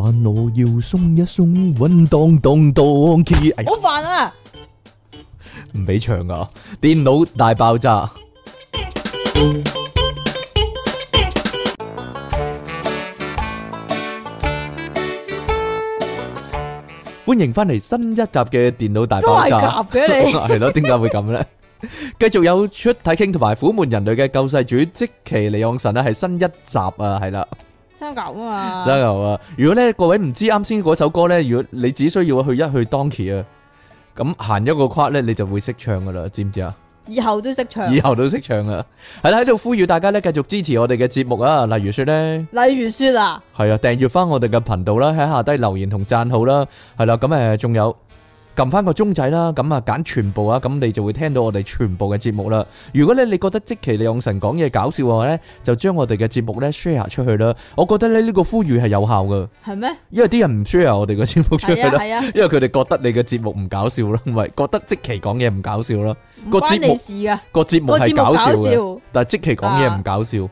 馬路要鬆一鬆，運動動動。好煩啊！唔俾唱啊！電腦大爆炸。歡迎翻嚟新一集嘅電腦大爆炸。都係夾嘅你，係咯？點解會咁呢？繼續有出體 king 同埋苦悶人類嘅救世主，積淇離岸神啊，係新一集啊，係啦。啊！如果咧各位唔知啱先嗰首歌咧，如果你只需要去一去 Donkey 啊，咁行一個框咧，你就會識唱噶啦，知唔知啊？以後都識唱，以後都識唱啊！係 啦， 喺度呼籲大家咧，繼續支持我哋嘅節目啊！例如說咧，例如說啊，係啊，訂閱翻我哋嘅頻道啦、啊，喺下低留言同讚好啦、啊，係啦、啊，咁誒，仲有。撳翻個鐘仔啦，咁啊揀全部啊，咁你就會聽到我哋全部嘅節目啦。如果咧你覺得積淇離岸神講嘢搞笑嘅話咧，就將我哋嘅節目咧 share 出去啦。我覺得咧呢個呼籲係有效嘅。係咩？因為啲人唔 share 我哋嘅節目出去啦，因為佢哋覺得你嘅節目唔搞笑咯，唔係覺得積淇講嘢唔搞笑咯。個節目事啊，個節目係搞笑嘅，但係積淇講嘢唔搞笑，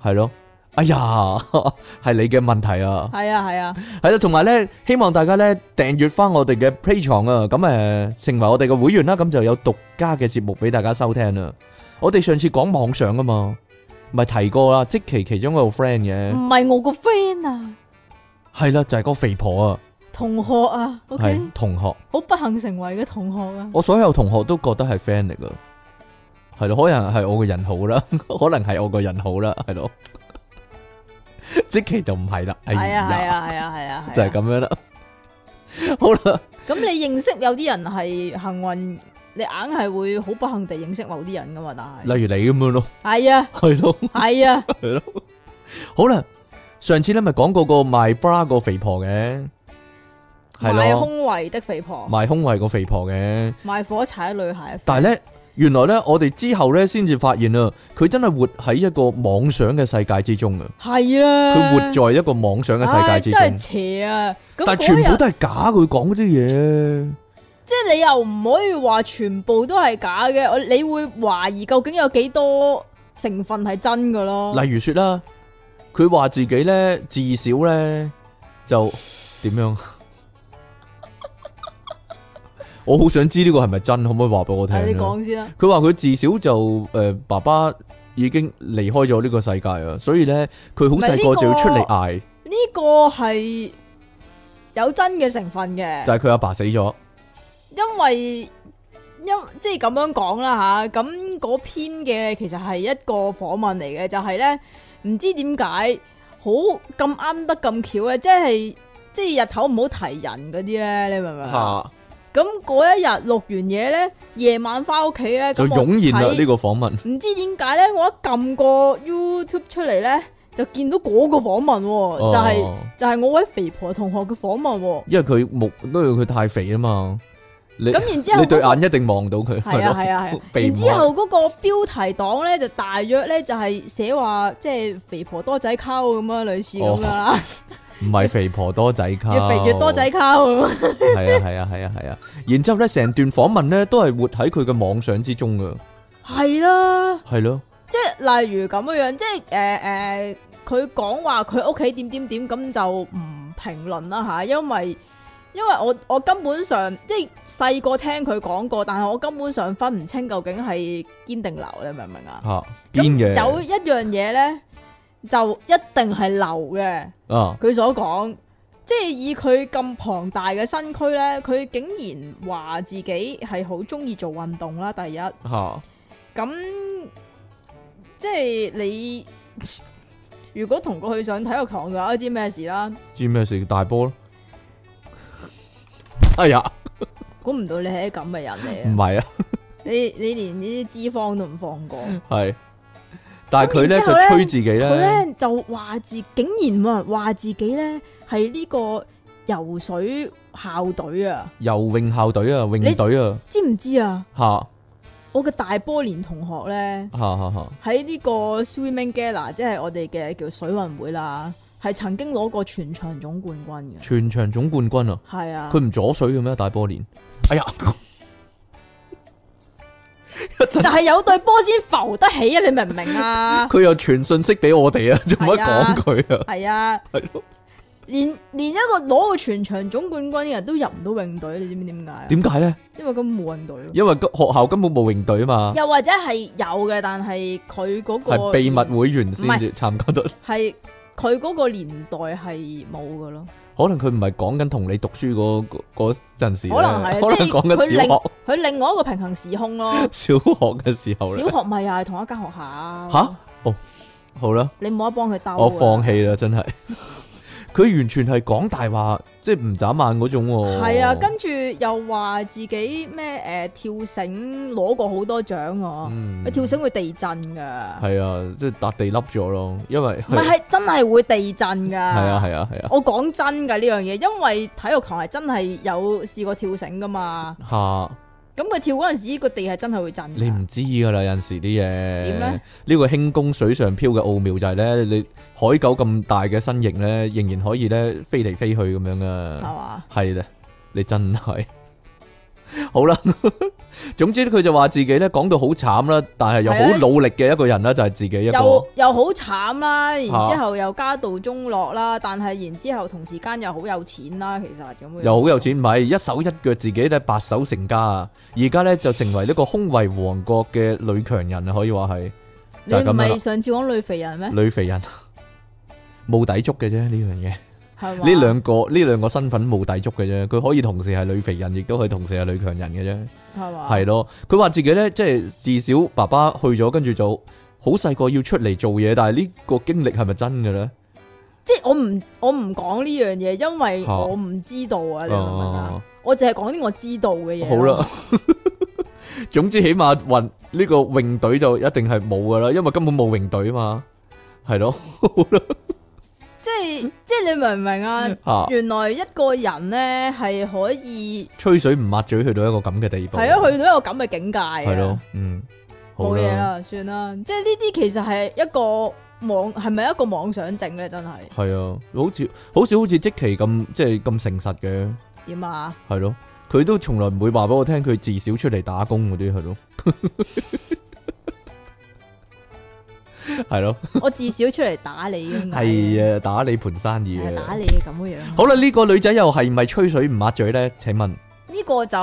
係咯。哎呀，係你嘅問題啊！係啊，係啊，係啦，同埋咧，希望大家咧訂閱翻我哋嘅 Play 場啊，咁誒，成為我哋嘅會員啦，咁就有獨家嘅節目俾大家收聽啦。我哋上次講網上啊嘛，咪提過啦，即其其中一個 friend 嘅，唔係我個 friend 啊，係啦， 就係、是、個肥婆啊，同學啊，係、OK？同學，好不幸成為嘅同學啊，我所有同學都覺得係 friend 嚟噶，係咯，可能係我個人好啦， 可能係我個人好啦，係咯。即其就唔係啦，係啊係啊係啊係啊，啊啊啊啊就係咁樣啦。 好啦了，咁你認識有啲人係幸運，你硬係會好不幸地認識某啲人噶嘛？但係例如你咁樣咯，係、哎、呀咯啊，係咯，係啊，係咯。好啦，上次咧咪講過個賣 bra 個肥婆嘅，賣胸圍的肥婆，賣胸圍個肥婆嘅，賣火柴女孩。但係咧。原來咧，我哋之後咧，先至發現啊，佢真係活喺一個妄想嘅世界之中啊！係啊，佢活在一個妄想嘅世界之中。真係邪啊！但係全部都係假，佢講啲嘢。即係你又唔可以話全部都係假嘅，你會懷疑究竟有幾多成分係真㗎咯？例如說啦，佢話自己咧，至少咧就點樣？我好想知呢個係咪真，可唔可以話俾我聽，啊？你講先啦。佢話佢自小就誒、呃，爸爸已經離開咗呢個世界啊，所以咧佢好細個就要出嚟嗌。呢、這個係、這個、有真嘅成分嘅、啊，就係佢阿爸死咗，因為因即係咁樣講啦吓。咁嗰篇嘅其實係一個訪問嚟嘅，就係咧唔知點解好咁啱得咁巧咧，即係即係日頭唔好提人嗰啲咧，你明唔明啊？咁嗰一日錄完嘢咧，夜晚翻屋企咧，就湧現啦呢個訪問。唔知點解咧，我一撳個 YouTube 出嚟咧，就見到嗰個訪問，哦、就係、是、就係、是、我位肥婆同學嘅訪問喎。因為佢目因為佢太肥啊嘛，你咁然之後、那個、你對眼一定望到佢。係、那個、啊係啊係。啊啊 開然之後嗰個標題黨咧就大約咧就係寫話即係肥婆多仔溝咁啊類似咁啊。哦 唔係肥婆多仔溝，越肥越多仔溝咁。係啊係啊係啊係啊，啊啊啊啊 然之後咧成段訪問咧都係活喺佢嘅妄想之中噶。係啦、 啊，係咯、啊，即係例如咁樣樣，即係誒誒，佢、呃、講、呃、話佢屋企點點點，咁就唔評論啦吓，因為因為我我根本上即係細個聽佢講過，但係我根本上分唔清究竟係堅定流，你明唔明啊？哦，堅嘅。有一樣嘢咧。 就一定係流嘅，佢、啊、所講，即係以佢咁龐大嘅身軀咧，佢竟然話自己係好中意做運動啦。第一，咁、啊、即係你如果同佢去上體育堂嘅話，我知咩事啦？知咩事？大波咯！ 哎呀，估 唔到你係啲咁嘅人嚟，唔係啊， 你你連呢啲脂肪都唔放過，係。但係佢咧就吹自己咧，佢咧就話自己竟然話自己咧係呢個游水校隊啊，游泳校隊啊，啊，泳隊啊，知唔知啊？吓，我嘅大波連同學咧，吓吓吓，喺呢個 Swimming Gala，即係我哋嘅叫水運會啦，係曾經攞過全場總冠軍嘅，全場總冠軍啊，係啊，佢唔阻水嘅咩？大波連，哎呀！就係有對波先浮得起啊！你明唔明啊？佢 又傳信息俾我哋啊，做乜講佢啊？係啊，係咯、啊，啊、連連一個攞過全場總冠軍嘅人都入唔到泳隊，你知唔知點解？點解咧？因為根本冇泳隊咯。因為學校根本冇泳隊啊嘛。又或者係有嘅，但係佢嗰個係秘密會員先至參加到。係佢嗰個年代係冇噶咯。可能佢唔係講緊同你讀書嗰嗰陣時，可能係，能小學即係佢另佢另外一個平行時空咯。 小學嘅時候，小學咪又係同一間學校。吓、啊，哦，好啦，你冇得幫佢兜，我放棄啦，真係。 佢完全係講大話，即係唔眨眼嗰種，哦。係啊，跟住又話自己咩誒跳繩攞過好多獎哦。跳繩、嗯、會地震噶。係啊，即係笪地凹咗咯，因為唔係係真係會地震噶。係啊係啊係啊，啊啊我講真噶呢樣嘢，因為體育堂係真係有試過跳繩噶嘛。吓。咁佢跳嗰陣時，個地係真係會震。你唔知噶啦，有陣時啲嘢。點咧？呢個輕功水上漂嘅奧妙就係咧，你海狗咁大嘅身形咧，仍然可以咧飛嚟飛去咁樣啊。係嘛？係啦，你真係。好啦，總之佢就話自己咧講到好慘啦，但係又好努力嘅一個人啦，的就係自己一個。又好慘啦，然之後又家道中落啦、啊，啊、但係然之後同時間又好有錢啦、啊，其實咁。又好有錢咪一手一腳自己咧白手成家啊！而家咧就成為一個空位王國嘅女強人啊，可以話係。就咁、你唔係。上次講女肥人咩？女肥人冇底足嘅啫呢樣嘢。呢兩個呢兩個身份冇抵觸嘅啫，佢可以同時係女肥人，亦都可以同時係女強人嘅啫。係嘛？係咯，佢話自己咧，即係至少爸爸去咗，跟住就好細個要出嚟做嘢，但係呢個經歷係咪真嘅咧？即係我唔我唔講呢樣嘢，因為我唔知道啊。我淨係講啲我知道嘅嘢。好啦，總之起碼泳呢個泳隊就一定係冇噶啦，因為根本冇泳隊啊嘛。係咯。好啦。即係即係你明唔明啊？原來一個人咧係可以吹水唔抹嘴去到一個咁嘅地步，係咯，去到一個咁嘅、啊、境界啊！嗯，冇嘢啦，算啦。即係呢啲其實係一個妄，係咪一個妄想症咧？真係係啊，好似好似好似積淇咁，即係咁誠實嘅點啊？係咯、啊，佢都從來唔會話俾我聽，佢至少出嚟打工嗰啲係咯。 係咯，對我至少出嚟打你。係啊，打你盤生意，打你咁樣。好啦，呢、這個女仔又係唔係吹水唔抹嘴咧？請問呢個就，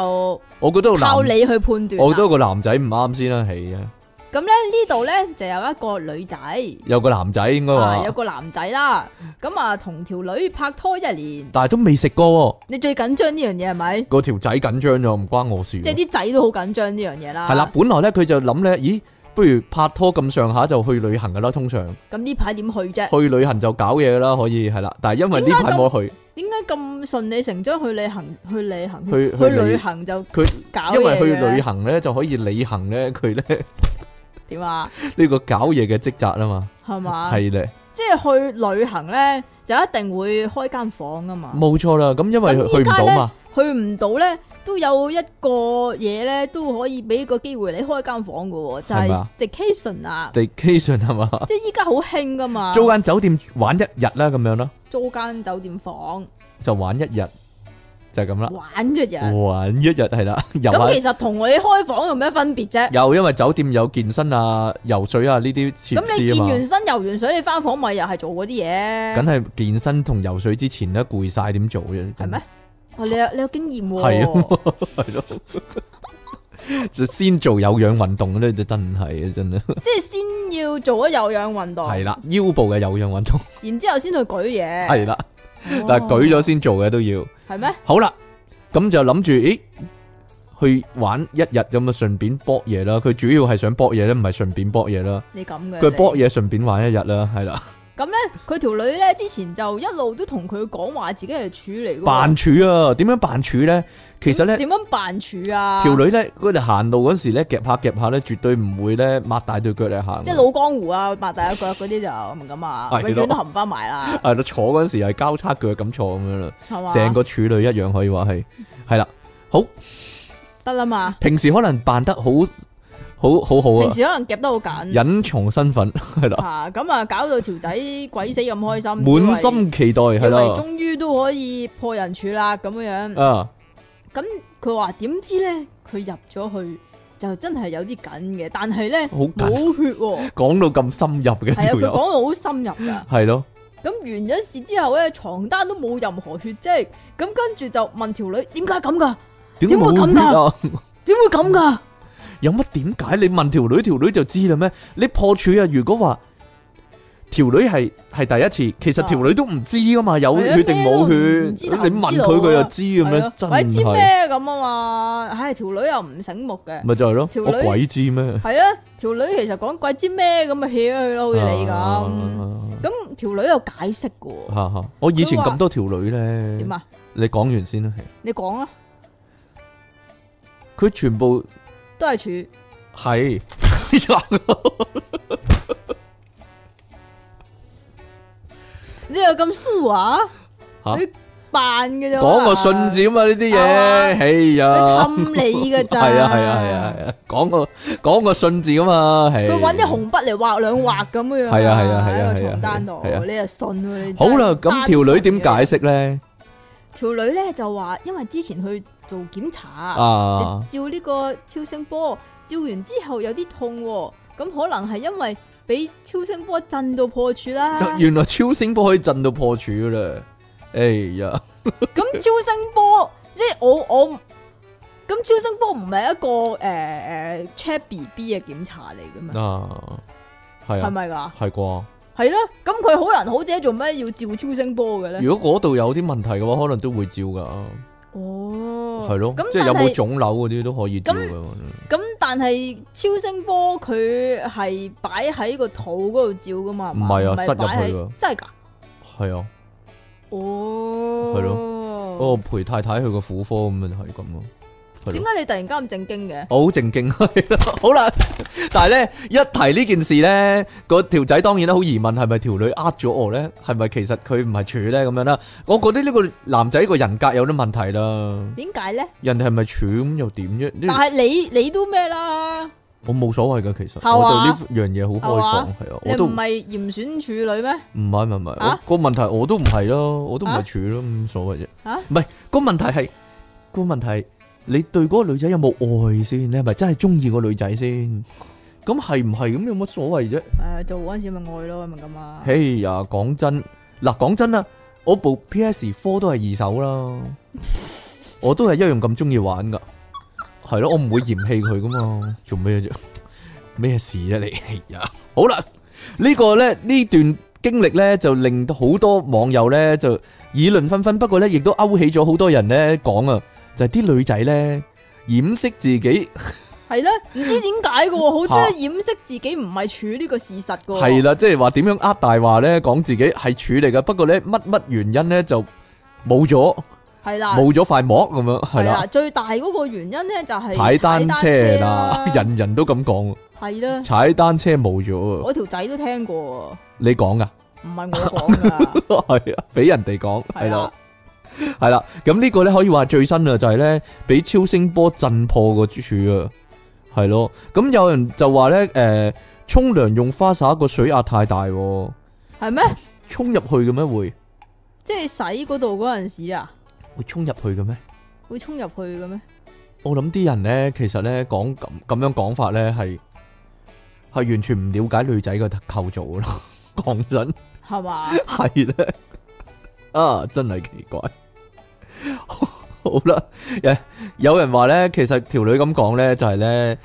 我覺得靠你去判斷。我覺得個男仔唔啱先啦，係啊。咁咧呢度咧就有一個女仔、 啊，有個男仔應該話，有個男仔啦。咁啊，同條女拍拖一年，但係都未食過、啊。你最緊張呢樣嘢係咪？個條仔緊張咗，唔關我事。即係啲仔都好緊張呢樣嘢啦。係啦， 本來咧佢就諗咧，咦？不如拍拖咁上下就去旅行噶啦，通常。咁呢排點去啫？去旅行就搞嘢噶啦，可以係啦。但係因為呢排冇去。點解咁順理成章去旅行？去旅行？去去旅行就佢搞嘢。因為去旅行咧就可以履行咧，佢咧點啊？呢 個搞嘢嘅職責啊嘛，係嘛吧？係咧的。即係去旅行咧，就一定會開間房噶嘛。冇錯啦，咁因為去唔到嘛，去唔到咧。都有一個嘢咧，都可以俾個機會你開間房嘅喎，就係 staycation 啊，staycation 係嘛？即係依家好興噶嘛？租間酒店玩一日啦，咁樣咯。租間酒店房就玩一日就係咁啦。玩一日，玩一日係啦。咁 下其實同你開房有咩分別啫？又因為酒店有健身啊、游水啊呢啲設施啊。咁你健完身、嘛游完水，你翻房咪又係做嗰啲嘢？梗係健身同游水之前咧攰晒點做嘅，係咩？哦、你有你有經驗喎、哦，係咯是的，就 是的 先做有氧運動咧，就真係啊，真係， 即係先要做咗有氧運動，係啦，腰部嘅有氧運動， 然之後先去舉嘢，係啦，但係舉咗先做嘅都要，係咩？哦？好啦，咁就諗住，咦，去玩一日咁啊，順便搏嘢啦。佢主要係想搏嘢咧，唔係順便搏嘢啦。你咁嘅，佢搏嘢順便玩一日啦，係啦。咁咧，佢條女咧之前就一路都同佢講話自己係處嚟嘅。扮處啊？點樣扮處咧？其實咧點樣扮處啊？條女咧，佢哋行路嗰時咧夾下夾下咧，絕對唔會咧擘大對腳嚟行。即係老江湖啊，擘 大對腳嗰啲就唔敢啊，永遠、啊、都合唔翻埋啦。係你、啊、坐嗰時又係交叉腳咁坐咁樣啦，成嗎個處女一樣可以話係，係啦，好得啦嘛。吧平時可能扮得好。好好好啊！平時可能夾得好緊，隱藏身份係啦。啊，咁啊，搞到條仔鬼死咁開心，滿心期待係咯，終於都可以破人處啦，咁樣樣。啊，咁佢話點知咧？佢入咗去就真係有啲緊嘅，但係咧好冇血，講到咁深入嘅，係啊，佢講到好深入噶係咯。咁完咗事之後咧，床單都冇任何血跡，咁跟住就問條女點解咁噶？點會咁噶？點會咁噶？有乜點解？你問條女，條女就知啦咩？你破處啊？如果話條女係係第一次，其實條女都唔知噶嘛，有血定冇血？你問佢，佢又知咁樣，真唔係。鬼知咩咁啊嘛？唉，條女又唔醒目嘅，咪就係咯。條女鬼知咩？係啦，條女其實講鬼知咩咁啊？hea 佢咯，好似你咁。咁條女有解釋嘅。吓吓，我以前咁多條女咧。點啊？你講完先啦，係。你講啊！佢全部。對住，係你傻咯？你又咁傻啊？吓，扮嘅啫。講個信字啊嘛，呢啲嘢，哎呀，氹你嘅咋？係啊係啊係啊，講個講個信字啊嘛，佢揾啲紅筆嚟畫兩畫咁樣，係啊係啊係啊，喺個床單度，你又信佢？好啦，咁條女點解釋咧？條女咧就話，因為之前去做檢查，啊、照呢個超聲波，照完之後有啲痛、哦，咁可能係因為俾超聲波震到破處啦。原來超聲波可以震到破處啦！哎呀，咁 超聲波即係我我，咁超聲波唔係一個誒誒、呃、check B B 嘅檢查嚟噶嘛？係係咪噶？係啩、啊？係係咯，咁佢好人好姐做咩要照超聲波嘅咧？如果嗰度有啲問題嘅話，可能都會照噶。哦，係咯的，即係有冇腫瘤嗰啲都可以照嘅。咁但係超聲波佢係擺喺個肚嗰度照噶嘛？唔係啊，塞入去啊！真係噶？係啊的。哦。係咯。哦，陪太太去個婦科咁啊，係咁咯。點解你突然間咁正經嘅？我好正經，係咯。好啦，但係咧一提呢件事咧，個條仔當然啦，好疑問，係咪條女呃咗我咧？係咪其實佢唔係處咧？咁樣啦，我覺得呢個男仔個人格有啲問題啦。點解咧？人哋係咪處咁又點啫？但係你你都咩啦？我冇所謂噶，其實我對呢樣嘢好開放，係啊。你唔係嚴選處女咩？唔係唔係，我個問題，我都唔係咯，我都唔係處咯，冇所謂啫。啊？唔係個問題，係個問題。你對嗰個女仔有冇愛先？你係咪真係中意個女仔先？咁係唔係咁有乜所謂啫？誒，做嗰陣時咪愛咯，係咪咁啊！嘿呀，講真，嗱講真啦，我部 PS Four 都係二手啦，我都係一樣咁中意玩噶，係咯，我唔會嫌棄佢噶嘛。做咩啫？咩事啫你？嘿呀，好啦，呢個咧，呢段經歷咧就令到好多網友咧就議論紛紛，不過咧亦都勾起咗好多人咧講啊。就係啲女仔咧，掩飾自己係咧，唔知點解嘅，好中意掩飾自己唔係處呢個事實嘅。係啦，即係話點樣呃大話咧，講自己係處嚟嘅。不過咧，乜乜原因咧就冇咗，係啦，冇咗塊膜咁樣，係啦。最大嗰個原因咧就係踩單車啦，人人都咁講。係啦，踩單車冇咗。我條仔都聽過。你講噶？唔係我講嘅，係啊，俾人哋講係咯。係啦，咁呢 個咧可以話最新啊，就係咧俾超聲波震破個柱啊，係咯。咁有人就話咧，誒、呃，沖涼用花灑個水壓太大，係咩嗎？沖入、啊、去嘅咩會？即係洗嗰度嗰陣時啊，會沖入去嘅咩？會沖入去嘅咩？我諗啲人咧，其實咧講咁咁樣講法咧，係係完全唔了解女仔嘅構造咯。講真，係嘛？係咧。啊，真係奇怪。 好啦，好 yeah, 有人話咧，其實條女咁講咧，就係、是、咧，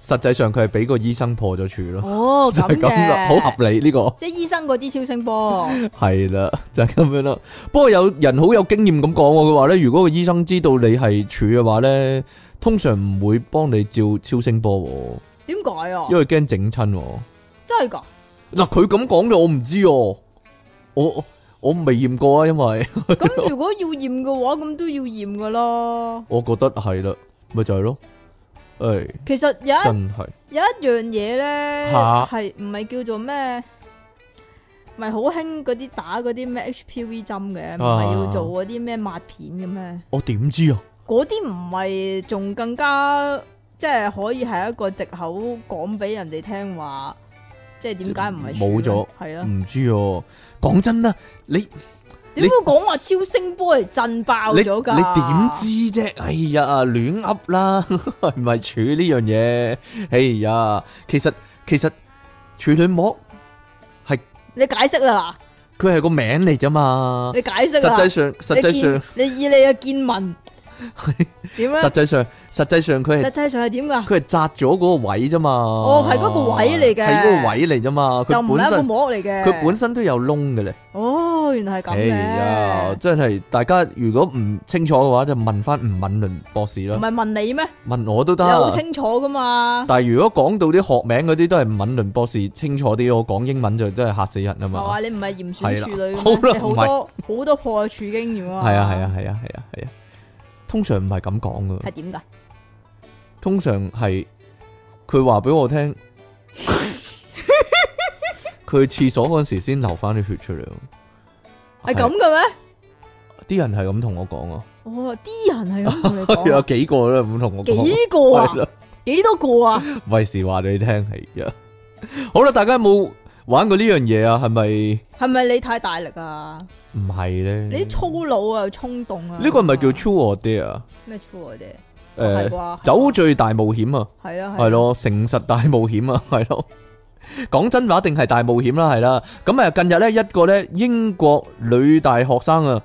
實際上佢係俾個醫生破咗處咯。哦，咁嘅，好合理呢、這個。即係醫生嗰支超聲波。係啦， 就係、是、咁樣咯。不過有人好有經驗咁講，佢話咧，如果個醫生知道你係處嘅話咧，通常唔會幫你照超聲波。點解啊？因為驚整親。真係噶？嗱，佢咁講嘅，我唔知哦。我。我未驗過啊，因為咁 如果要驗嘅話，咁都要驗㗎囉。我覺得係啦，咪就係、是、咯，誒、欸。其實有一真的有一樣嘢咧，係唔係叫做咩？唔係好興嗰啲打嗰啲咩 HPV 針嘅，唔係要做嗰啲咩抹片嘅咩、啊？我點知啊？嗰啲唔係仲更加即係、就是、可以係一個藉口講俾人哋聽話。即係點解唔係冇咗？係咯了，唔了知哦。講真啦，你點會講話超聲波嚟震爆咗噶？你點知啫？哎呀，亂噏啦，唔係處呢樣嘢。哎呀，其實其實處女膜係你解釋啦。佢係個名嚟啫嘛。你解釋啦。實際上實際上，你，見你以你嘅見聞。係點咧？實際上，實際上佢實際上係點噶？佢係砸咗嗰個位啫嘛。哦，係嗰個位嚟嘅，係嗰個位嚟啫嘛。就唔係一個膜嚟嘅，佢本身都有窿嘅咧。哦，原來係咁嘅。啊、哎，真係大家如果唔清楚嘅話，就問翻吳敏倫博士咯。唔係問你咩？問我都得。好清楚噶嘛。但係如果講到啲學名嗰啲，都係吳敏倫博士清楚啲。我講英文就真係嚇死人啊嘛。係嘛、哦，你唔係嚴選處女咩？好啦多好 多破處經驗喎。係啊係啊係啊係啊。通常唔係咁講噶，係點噶？通常係佢話俾我聽，佢廁所嗰時先流翻啲血出嚟，係咁嘅咩？啲是人係咁同我講啊！哦，啲人係咁同你講， 有幾個都咁同我講，幾個啊？了幾多個啊？咪 是話你聽係一好啦，大家有冇。玩過呢樣嘢啊？係咪？係咪你太大力啊？唔係咧，你粗魯啊，衝動啊？呢個係咪叫 true or dare 啊？咩 true or dare？誒，酒醉大冒險啊！係咯，係咯，誠實大冒險啊，係咯。講真話定係大冒險啦，係啦。咁啊，近日咧，一個咧英國女大學生啊，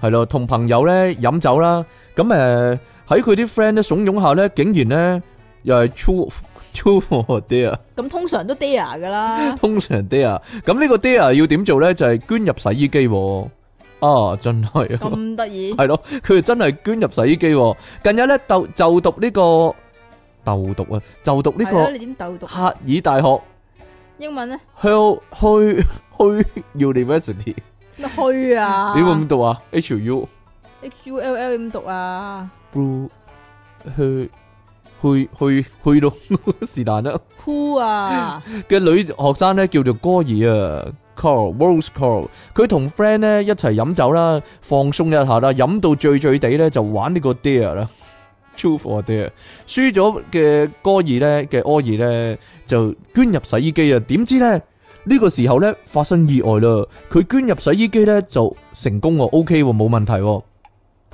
係咯，同朋友咧飲酒啦。咁誒喺佢啲 friend 咧慫恿下咧，竟然咧又係 true。True，Dear。咁通常都 Dear 噶啦。 通常 Dear，咁呢個 Dear 要點做咧？就係、是、捐入洗衣機。啊，真係、啊。咁得意。係咯，佢哋真係捐入洗衣機。近日咧，豆就讀呢、這個豆讀，讀啊，就讀呢、這個。你點豆讀，讀？哈爾大學。英文咧？Hell，Hell，Hell，University 咩虛啊？點咁讀啊？H U H U L L 點讀啊？Blue 虛。去去去到是但啦，who 啊嘅女學生咧叫做歌爾啊，Carl Rose Carl，佢同 friend 咧一齊飲酒啦，放鬆一下啦，飲到醉醉地咧就玩呢個 dare 啦，true or dare，輸咗嘅歌爾咧嘅柯爾咧就捐入洗衣機啊，點知咧呢個時候咧發生意外咯，佢捐入洗衣機咧就成功喎，OK 喎，冇問題喎。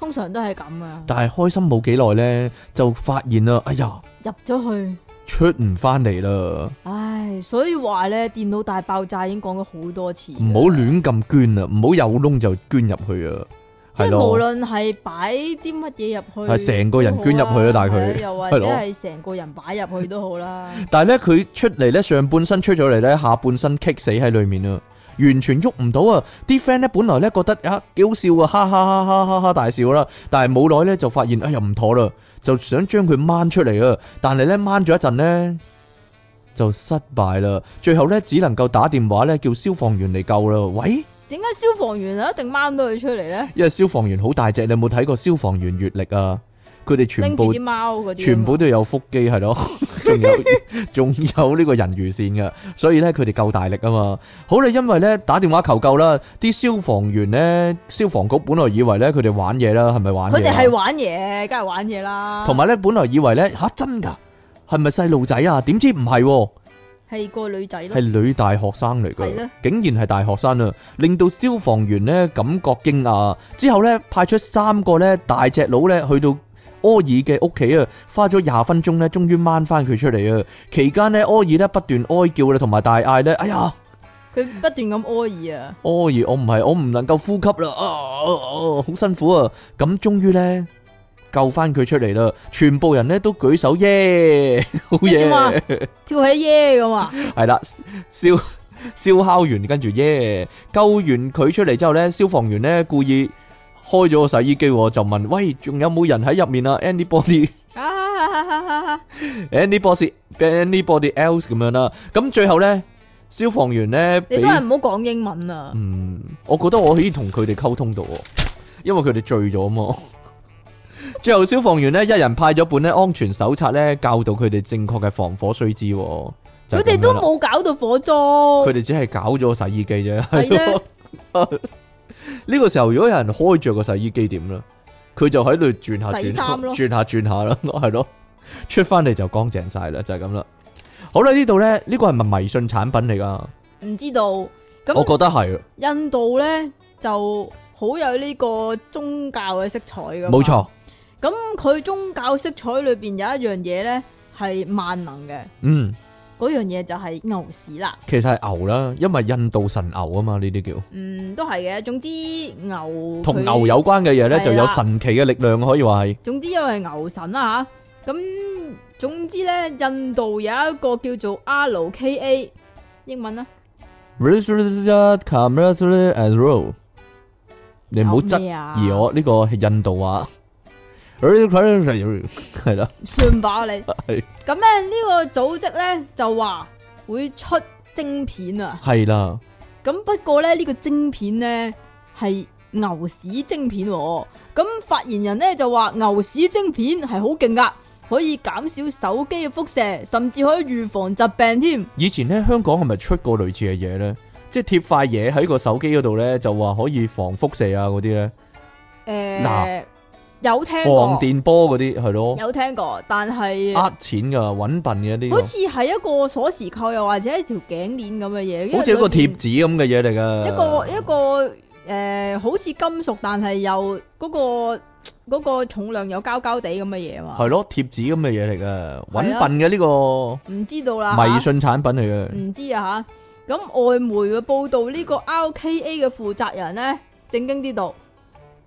通常都係咁啊，但係開心冇幾耐呢，就發現啦，哎呀，入咗去出唔翻嚟啦，唉，所以話呢，電腦大爆炸已經講咗好多次，唔好亂咁捐啊，唔好有窿就捐入去啊，即係是咯無論係擺啲乜嘢入去，係成個人捐入去啦，但係佢、啊，又或者係成個人擺入去都好啦， 但係呢，佢出嚟呢，上半身出咗嚟呢，下半身棘死喺裏面啊。完全喐唔到啊！啲 friend 咧本來咧覺得呀幾好笑啊，哈哈哈哈哈哈大笑啦，但係冇耐咧就發現哎呀唔妥啦，就想將佢掹出嚟啊，但係咧掹咗一陣咧就失敗啦，最後咧只能夠打電話咧叫消防員嚟救啦。喂，點解消防員一定掹到佢出嚟呢？因為消防員好大隻，你有冇睇過消防員月曆啊？佢哋全部全部都有腹肌係咯。 仲 有，仲有呢個人魚線噶，所以咧佢哋夠大力啊嘛。好啦，因為咧打電話求救啦，啲消防員咧，消防局本來以為咧佢哋玩嘢啦，係咪玩？佢哋係玩嘢，梗係玩嘢啦。同埋咧，本來以為咧吓真噶，係咪細路仔啊？點、啊、知唔係、啊，係個女仔咯，係女大學生嚟噶，的竟然係大學生啊！令到消防員咧感覺驚訝，之後咧派出三個咧大隻佬咧去到。柯爾嘅屋企啊，花咗廿分鐘咧，終於掹翻佢出嚟啊！期間咧，柯爾咧不斷哀叫啦，同埋大嗌咧，哎呀！佢不斷咁柯爾啊！柯爾，我唔係，我唔能夠呼吸啦！啊，好辛苦啊！咁終於咧救翻佢出嚟啦！全部人咧都舉手耶，好嘢！跳起耶咁啊！係啦，燒燒烤完跟住耶，救完佢出嚟之後咧，消防員咧故意。開咗個洗衣機，就問：喂，仲有冇人喺入面啊？Anybody？Anybody？Anybody else 咁樣啦。咁最後呢，消防員呢，你都係唔好講英文啊。嗯，我覺得我可以同佢哋溝通到，因為佢哋醉咗啊嘛。 最後消防員呢，一人派咗本咧安全手冊呢，教導佢哋正確嘅防火須知。佢哋都冇搞到火災，佢哋只係搞咗個洗衣機啫。的 呢個時候如果有人開着個洗衣機點啦？佢就喺度轉下轉下轉下轉下轉下啦，係咯，出翻嚟，就乾淨晒啦，就係咁啦。好啦，呢度咧呢個係咪迷信產品嚟噶？唔知道，咁我覺得係。印度咧就好有呢個宗教嘅色彩噶。冇錯。咁佢宗教色彩裏邊有一樣嘢咧係萬能嘅。嗯。嗰樣嘢就係牛屎啦，其實係牛啦，因為印度神牛啊嘛，呢啲叫，嗯，都係嘅。總之牛同牛有關嘅嘢咧，就有神奇嘅力量可以話係。總之因為牛神啦吓，咁總之咧，印度有一個叫做 RKA 英文啊，Come as rule，你唔好窒，而我呢個係印度話。係啦，算吧 了你。係咁咧，呢個組織咧就話會出晶片啊。係啦的。咁不過咧，呢個晶片咧係牛屎晶片。咁發言人咧就話牛屎晶片係好勁噶，可以減少手機嘅輻射，甚至可以預防疾病添。以前咧，香港係咪出過類似嘅嘢咧？即係貼塊嘢喺個手機嗰度咧，就話可以防輻射啊嗰啲咧。誒、欸，嗱。 有聽過防電波嗰啲係咯，有聽過，但係呃錢㗎，揾笨嘅啲，好似係一個鎖匙扣又，又或者一條頸鏈咁嘅嘢，好似一個貼紙咁嘅嘢嚟嘅，一個一個誒、呃，好似金屬，但係又嗰個重量有膠膠地咁嘅嘢嘛，係咯，貼紙咁嘅嘢嚟嘅，揾笨嘅呢咯、呢個唔知道啦，迷信產品嚟嘅，唔、啊、知啊吓，咁外媒嘅報導呢、呢個 LKA 嘅負責人咧正經啲讀。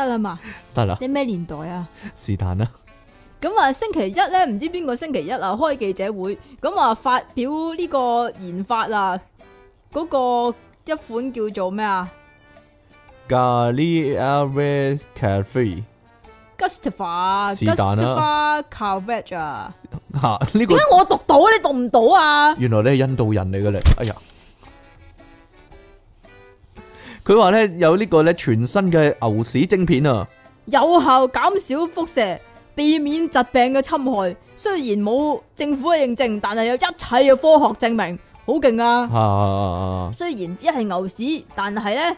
得啦嘛，得啦。你咩年代啊？是但啊。咁啊，星期一咧，唔知邊個星期一啊，開記者會，咁啊發表呢個研發啊，嗰個一款叫做咩啊？Gaurav Kafri。Gustav Gustav Kavajah。吓，呢個。點解我讀到，你讀唔到啊？原來你係印度人嚟噶咧，哎呀。佢話咧有呢個咧全新嘅牛屎晶片啊，有效減少輻射，避免疾病嘅侵害。雖然冇政府嘅認證，但係有一切嘅科學證明，好勁啊！啊雖然只係牛屎，但係呢，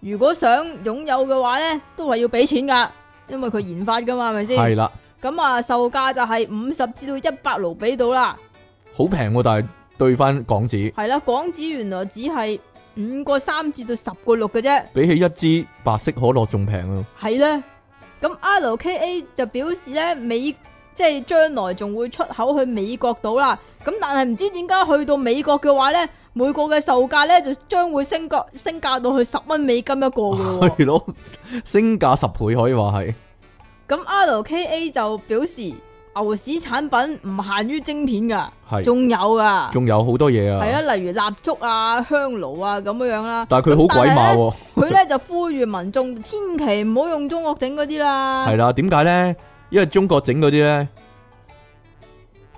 如果想擁有嘅話呢，都係要俾錢噶，因為佢研發噶嘛，係咪先？係啦。咁啊，售價就係五十至到一百盧比度啦。好平喎，但係兌翻港紙。係啦，港紙原來只係。五個三至到十個六嘅啫，比起一支白色可樂仲平啊！係啦，咁 LKA 就表示咧美即係將來仲會出口去美國度啦。咁但係唔知點解去到美國嘅話咧，每個嘅售價咧就將會升價升價到去十蚊美金一個嘅。係咯，升價十倍可以話係。咁 LKA 就表示。牛屎產品唔限於晶片噶。係，仲有噶，仲有好多嘢啊。係啊，例如蠟燭啊、香爐啊咁樣樣啦。但係佢好鬼馬，佢咧就呼籲民眾千祈唔好用中國整嗰啲啦。係啦，點解咧？因為中國整嗰啲咧，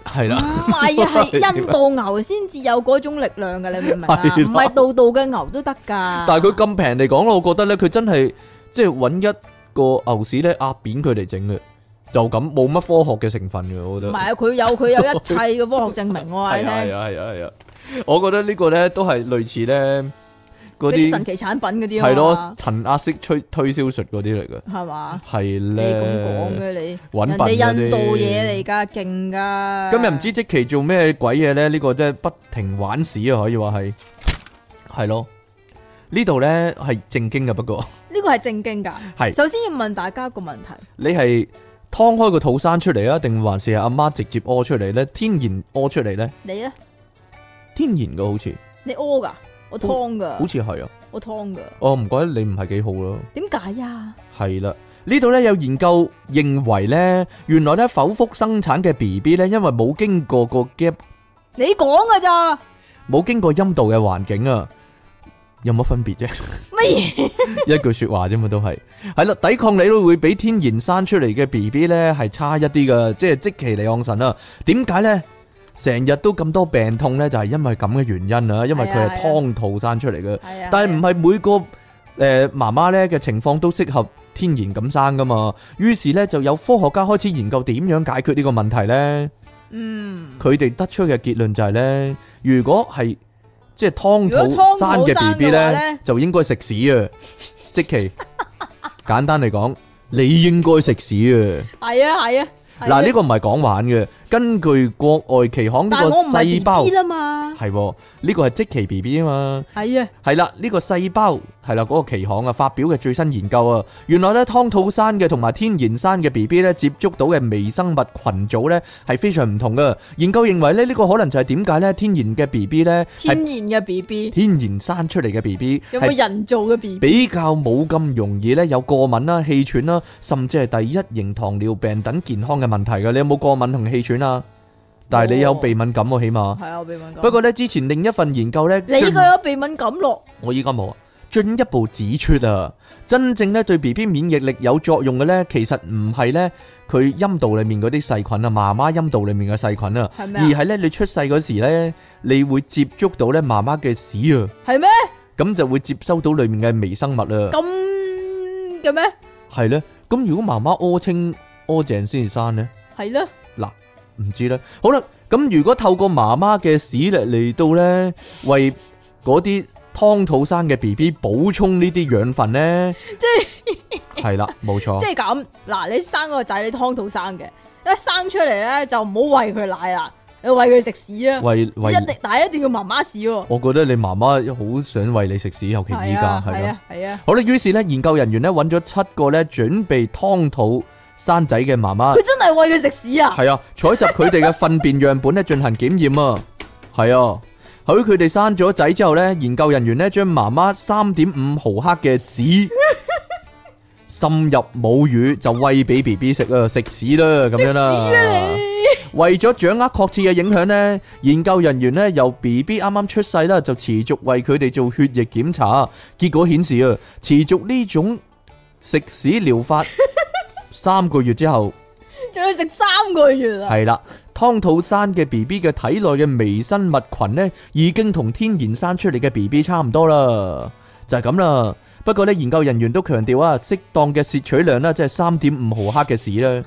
係啦，唔係啊，係印度牛先至有嗰種力量嘅，你明唔明啊？唔係度度嘅牛都得噶。但係佢咁平地講咯，我覺得咧，佢真係即係搵一個牛屎咧壓扁佢嚟整嘅。就咁冇乜科學嘅成分嘅，我覺得。唔係啊，佢有佢有一切嘅科學證明。我係啊係啊係啊，我覺得呢個咧都係類似咧啲神奇產品嗰啲係咯陳亞瑟推推銷術嗰啲嚟嘅，係嘛係咧？你咁講嘅你，人哋印度嘢嚟噶，勁噶。今日唔知即期做咩鬼嘢咧？呢個真係不停玩屎啊！可以話係係咯，呢度咧係正經嘅。不過呢個係正經噶，係首先要問大家一個問題，你係。湯開個肚生出嚟啊，定還是阿媽直接屙出嚟咧？天然屙出嚟咧？你咧？天然嘅好似。你屙噶？我湯噶？好似係啊。我湯噶。哦，唔怪得你唔係幾好咯。點解啊？係啦，呢度咧有研究認為咧，原來咧剖腹生產嘅 B B 咧，因為冇經過個 gap。你講噶咋？冇經過陰道嘅環境啊。有乜分別啫？乜嘢什麼？ 一句說話啫嘛，都係係啦。抵抗力都會比天然生出嚟嘅 B B 呢係差一啲嘅，即係積淇離岸神啦、啊。點解呢？成日都咁多病痛呢，就係、是、因為咁嘅原因啦、啊。因為佢係劏肚生出嚟嘅，啊啊、但係唔係每個誒媽媽咧嘅情況都適合天然咁生噶嘛。於是呢，就有科學家開始研究點樣解決呢個問題呢。嗯，佢哋得出嘅結論就係、是、呢：如果係。即係湯土山嘅 B B 咧，寶寶就應該食屎啊！ 即其簡單嚟講，你應該食屎啊！係啊係啊！嗱、啊，呢、啊、個唔係講玩嘅，根據國外期刊呢個細胞啊嘛，係呢、啊這個係即其 B B 啊嘛，係啊，係啦、啊，呢、這個細胞。係啦，嗰個期刊啊，發表嘅最新研究啊，原來咧，劏肚生嘅同埋天然生嘅 B B 咧，接觸到嘅微生物群組咧，係非常唔同㗎。研究認為咧，呢個可能就係點解咧，天然嘅 B B 咧，天然嘅 B B，天然生出嚟嘅 B B，有冇人造嘅 B B？比較冇咁容易咧，有過敏啦、氣喘啦，甚至係第一型糖尿病等健康嘅問題嘅。你有冇過敏同氣喘啊？但係你有鼻敏感喎，起碼係啊，鼻敏感。不過咧，之前另一份研究咧，你依家有鼻敏感咯，我依家冇啊。進一步指出啊，真正咧對 B B 免疫力有作用嘅咧，其實唔係咧佢陰道裏面嗰啲細菌啊，媽媽陰道裏面嘅細菌啊，嗎而係咧你出世嗰時咧，你會接觸到咧媽媽嘅屎啊，係咩嗎？咁就會接收到裏面嘅微生物啦，咁嘅咩？係咧，咁如果媽媽屙清屙淨先至生咧，係咯的？嗱，唔知啦，好啦，咁如果透過媽媽嘅屎嚟嚟到咧，為嗰啲。湯肚生嘅 B B 補充養呢啲養分咧，即係係啦，冇錯，錯，即係咁。嗱，你生嗰個仔你湯肚生嘅，一生出嚟咧就唔好餵佢奶啦，你餵佢食屎啊，餵餵，但一定要媽媽屎喎。我覺得你媽媽好想餵你食屎，尤其而家係咯，係啊，啊啊的好啦，於是咧研究人員咧揾咗七個咧準備湯肚生仔嘅媽媽，佢真係餵佢食屎啊，係啊，採集佢哋嘅糞便樣本咧進 行檢驗啊，係啊。喺佢哋生咗仔之後呢，研究人員呢，將媽媽三點五毫克嘅屎滲入母乳，就喂俾 B B 食啊，食屎啦咁樣啦。啊、為咗掌握確切嘅影響呢，研究人員呢，由 B B 啱啱出世啦，就持續為佢哋做血液檢查。結果顯示啊，持續呢種食屎療法 三個月之後，仲要食三個月啊？係啦。湯土山嘅 B B 嘅體內嘅微生物群呢，已經同天然生出嚟嘅 B B 差唔多啦，就係咁啦。不過呢，研究人員都強調啊，適當嘅攝取量、啊、呢，即係三點五毫克嘅屎呢。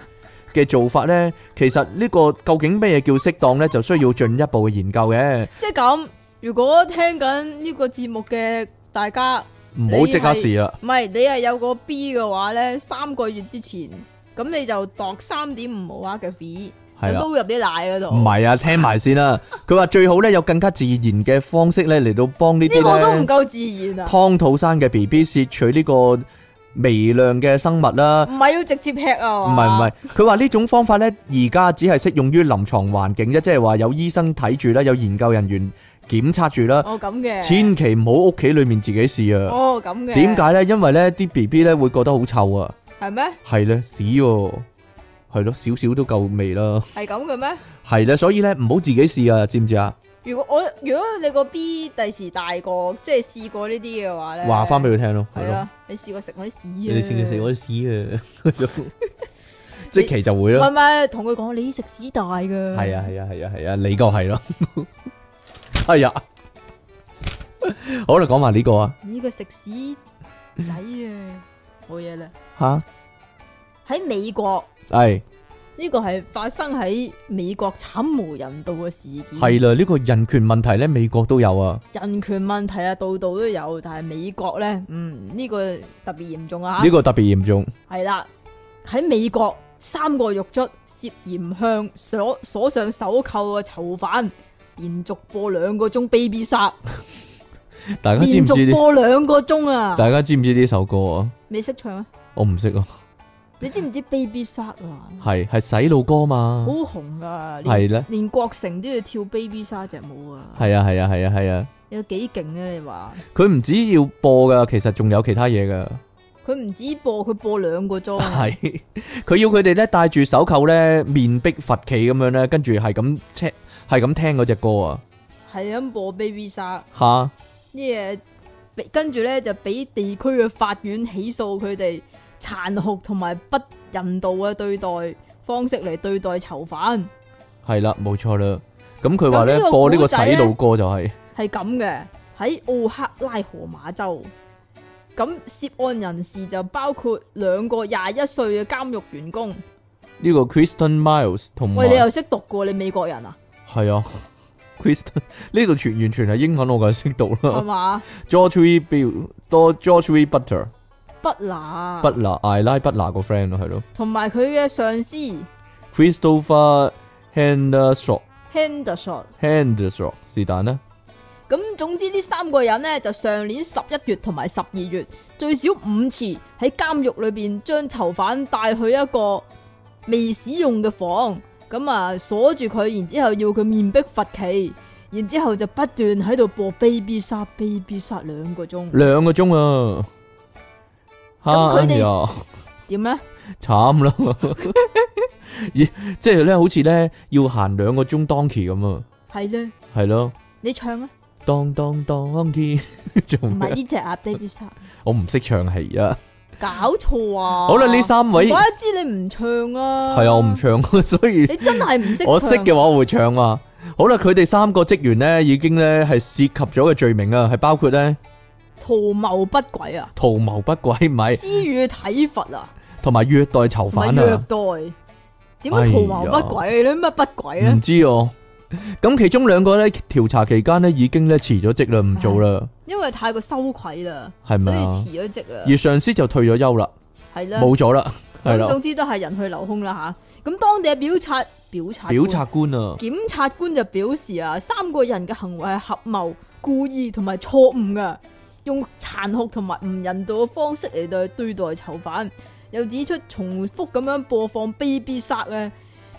嘅做法呢，其實呢個究竟咩嘢叫適當呢？就需要進一步嘅研究嘅。即係咁，如果聽緊呢個節目嘅大家，唔好即刻試啊！唔係你啊，你係有個 B 嘅話呢，三個月之前咁你就度三點五毫克嘅係啊，都入啲奶嗰度。唔係啊，聽埋先啦。佢話 最好咧有更加自然嘅方式咧嚟到幫呢啲。呢個都唔夠自然啊。湯土山嘅 B B 攝取呢個微量嘅生物啦。唔係要直接吃啊？唔係唔係，佢話呢種方法咧而家只係適用於臨床環境啫，即係話有醫生睇住啦，有研究人員檢測住啦。哦，咁嘅。千祈唔好屋企裏面自己試啊。哦，咁嘅。點解咧？因為咧啲 B B 咧會覺得好臭啊。係咩嗎？係咧，屎。係咯，少少都夠味咯。係咁嘅咩？係啦，所以咧唔好自己試啊，知唔知啊？如果我如果你個 B 第時大個，即係試過呢啲嘅話咧，話翻俾佢聽咯，係咯，你試過食我啲屎啊？你千祈食我啲屎啊！即期就會咯。唔係唔係，同佢講你食屎大噶。係啊係啊係啊係啊，你個係咯。哎呀，好啦，講埋呢個啊。呢個食屎仔啊，冇嘢啦。吓哈？喺美國。係呢個係發生喺美國慘無人道嘅事件。係啦，呢個人權問題咧，美國都有啊。人權問題啊，度度都有，但係美國咧，嗯，呢個特別嚴重啊。呢個特別嚴重。係啦，喺美國，三個獄卒涉嫌向所鎖上手銬嘅囚犯連續播兩個鐘《Baby Shark》，連續播兩個鐘 啊，大家知唔知！大家知唔知呢首歌啊？你識唱啊？我唔識啊。你知唔知 Baby Shark 啊？係係洗腦歌嘛？好紅啊！係咧，連郭城的都要跳 Baby Shark 隻舞啊！係啊係啊係啊係啊！有幾勁啊！你話佢唔止要播噶，其實仲有其他嘢噶。佢唔止播，佢播兩個鐘。係佢要佢哋咧戴住手扣咧，面壁罰企咁樣咧，跟住係咁聽，係咁聽嗰隻歌啊！係咁播 Baby Shark 吓哈，啲嘢跟住咧就俾地區嘅法院起訴佢哋。殘酷同埋不人道嘅對待方式嚟對待囚犯，係啦，冇錯啦。咁佢話咧播呢個洗腦歌就係係咁嘅喺奧克拉荷馬州。咁、嗯、涉案人士就包括兩個廿一歲嘅監獄員工。呢個 Kristen Miles 同埋。喂，你又識讀噶？你美國人啊？係啊、哎、呀 ，Kristen 呢度全完全係英文，我梗係識讀啦。係嘛 g e o r g e Bill 多 g e o r g e Butter。不拿，不拿，艾拉不拿個 friend 咯，係咯，同埋佢嘅上司 Christopher Henderson，Henderson，Henderson，是但啦。咁總之呢三個人呢，就上年十一月同埋十二月最少五次喺監獄裏邊將囚犯帶去一個未使用嘅房，咁啊鎖住佢，然之後要佢面壁罰企。然之後就不斷喺度播 Baby Shark，Baby Shark 兩個鐘，兩個鐘啊！咁佢哋點咧？慘咯！咦，慘了笑 即係咧的，好似咧要行兩個鐘 Donkey 咁啊！係啫，係咯。你唱啊！當當當 Donkey，仲唔係呢隻阿 Bossa 我唔識唱係啊！搞錯啊！好啦，呢三位，我一知你唔唱啊！係啊，我唔唱，所以你真係唔識。我識嘅話我會唱啊！好啦，佢哋三個職員咧，已經咧係涉及咗嘅罪名啊，係包括咧。圖謀不軌啊！圖謀不軌咪私欲體罰啊！同埋虐待囚犯啊！虐待點解圖謀不軌咧？乜、哎、呀不軌咧？唔知哦、啊。咁其中兩個咧調查期間呢已經咧辭咗職啦，唔做啦，因為太過羞愧啦，係咪嗎？所以辭咗職啦。而上司就退咗休啦，係啦的，冇咗啦，係啦。總之都係人去留空啦吓。咁、啊、當地嘅表察表察表察官啊，檢察官就表示啊，三個人嘅行為係合謀、故意同埋錯誤噶。用殘酷同埋唔人道嘅方式嚟到去對待囚犯，又指出重複咁樣播放 Baby Shark 咧，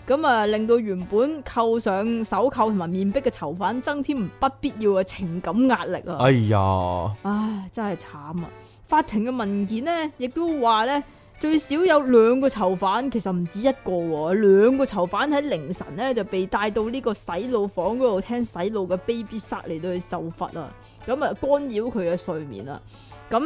咁啊令到原本扣上手銬同埋面壁嘅囚犯增添不必要嘅情感壓力啊！哎呀，唉，真係慘啊！法庭嘅文件呢，亦都話呢，最少有兩個囚犯，其實唔止一個喎，有兩個囚犯喺凌晨呢，就被帶到呢個洗腦房嗰度聽洗腦嘅 Baby Shark 嚟到去受罰啊！咁啊，干擾佢嘅睡眠啦。咁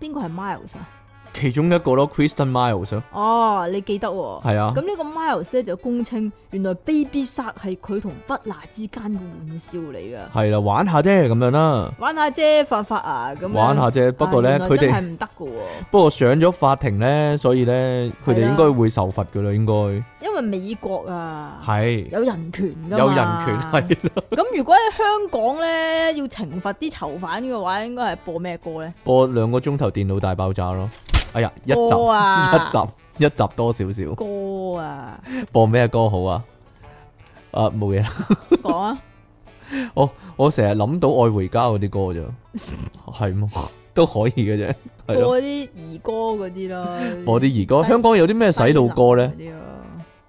邊個係 Miles 啊？其中一個咯，Kristen Miles 啊。哦，你記得喎、哦？係啊。咁呢個 Miles 咧就供稱，原來 Baby Shark 係佢同不娜之間嘅玩笑嚟㗎。係啦、啊，玩下啫咁樣啦。玩下啫，發發啊？咁玩下啫，不過咧，佢哋係唔得㗎。不過上咗法庭咧，所以咧，佢哋、啊、應該會受罰㗎啦。應該因為美國啊，係是有人權㗎嘛。有人權係咯。咁、啊、 如果喺香港咧，要懲罰啲囚犯嘅話，應該係播咩歌咧？播兩個鐘頭電腦大爆炸咯。哎呀，一集、啊、一集一集，一集多少少歌啊！播咩歌好啊？誒，冇嘢啦。講啊！啊 我我成日諗到愛回家嗰啲歌啫，係 嗎？都可以嘅啫。播啲兒歌嗰啲啦。 播啲兒歌，哎、香港有啲咩洗腦歌咧？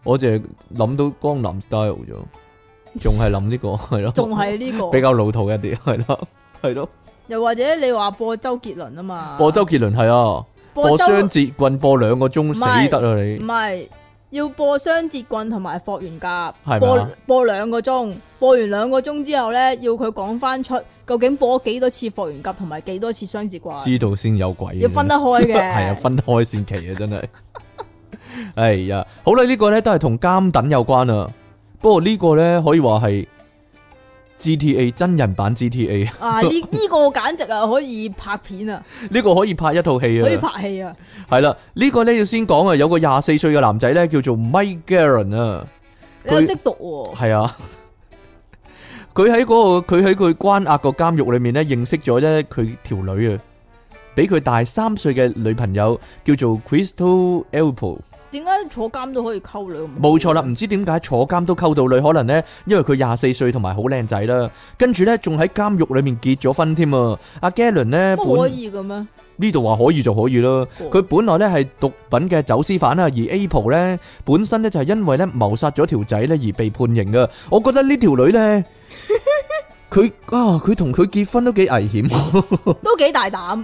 我淨係諗到江南 style 啫，仲係諗呢個係咯，仲係呢個 比較老土一啲，係咯，係咯。又或者你話播周杰倫啊嘛？播周杰倫係啊。播雙節棍，播兩個鐘是死得啦你，唔係要播雙節棍同埋霍元甲，係咪？播播兩個鐘，播完兩個鐘之後咧，要佢講翻出究竟播幾多次霍元甲同埋幾多次雙節棍，知道先有鬼，的要分得開嘅，係 啊，分得開先奇啊，真係，哎呀、 yeah.，好啦，呢個咧都係同監等有關啊，不過呢個咧可以話係。G T A 真人版 G T A 啊！呢、這、呢個簡直啊可以拍片啊！呢個可以拍一套戲啊！可以拍戲啊！係啦，呢、這個呢要先講啊，有個廿四歲嘅男仔呢，叫做 Mike Garren 啊、哦，你識讀係啊，佢喺嗰個佢喺佢關押個監獄裏面呢認識咗啫，佢條女啊，比佢大三歲嘅女朋友叫做 Crystal Apple。點解坐監都可以溝女？冇錯啦，唔知點解坐監都溝到女，可能呢？因為佢廿四歲同埋好靚仔啦，跟住呢，仲喺監獄裏面結咗婚添啊！阿 Galen 呢，可以咧，呢度話可以就可以咯。佢、哦、本來呢係毒品嘅走私犯啦，而 Apple 呢本身呢就係因為呢謀殺咗條仔呢而被判刑噶。我覺得呢條女呢，佢 啊佢同佢結婚都幾危險， 都幾大膽。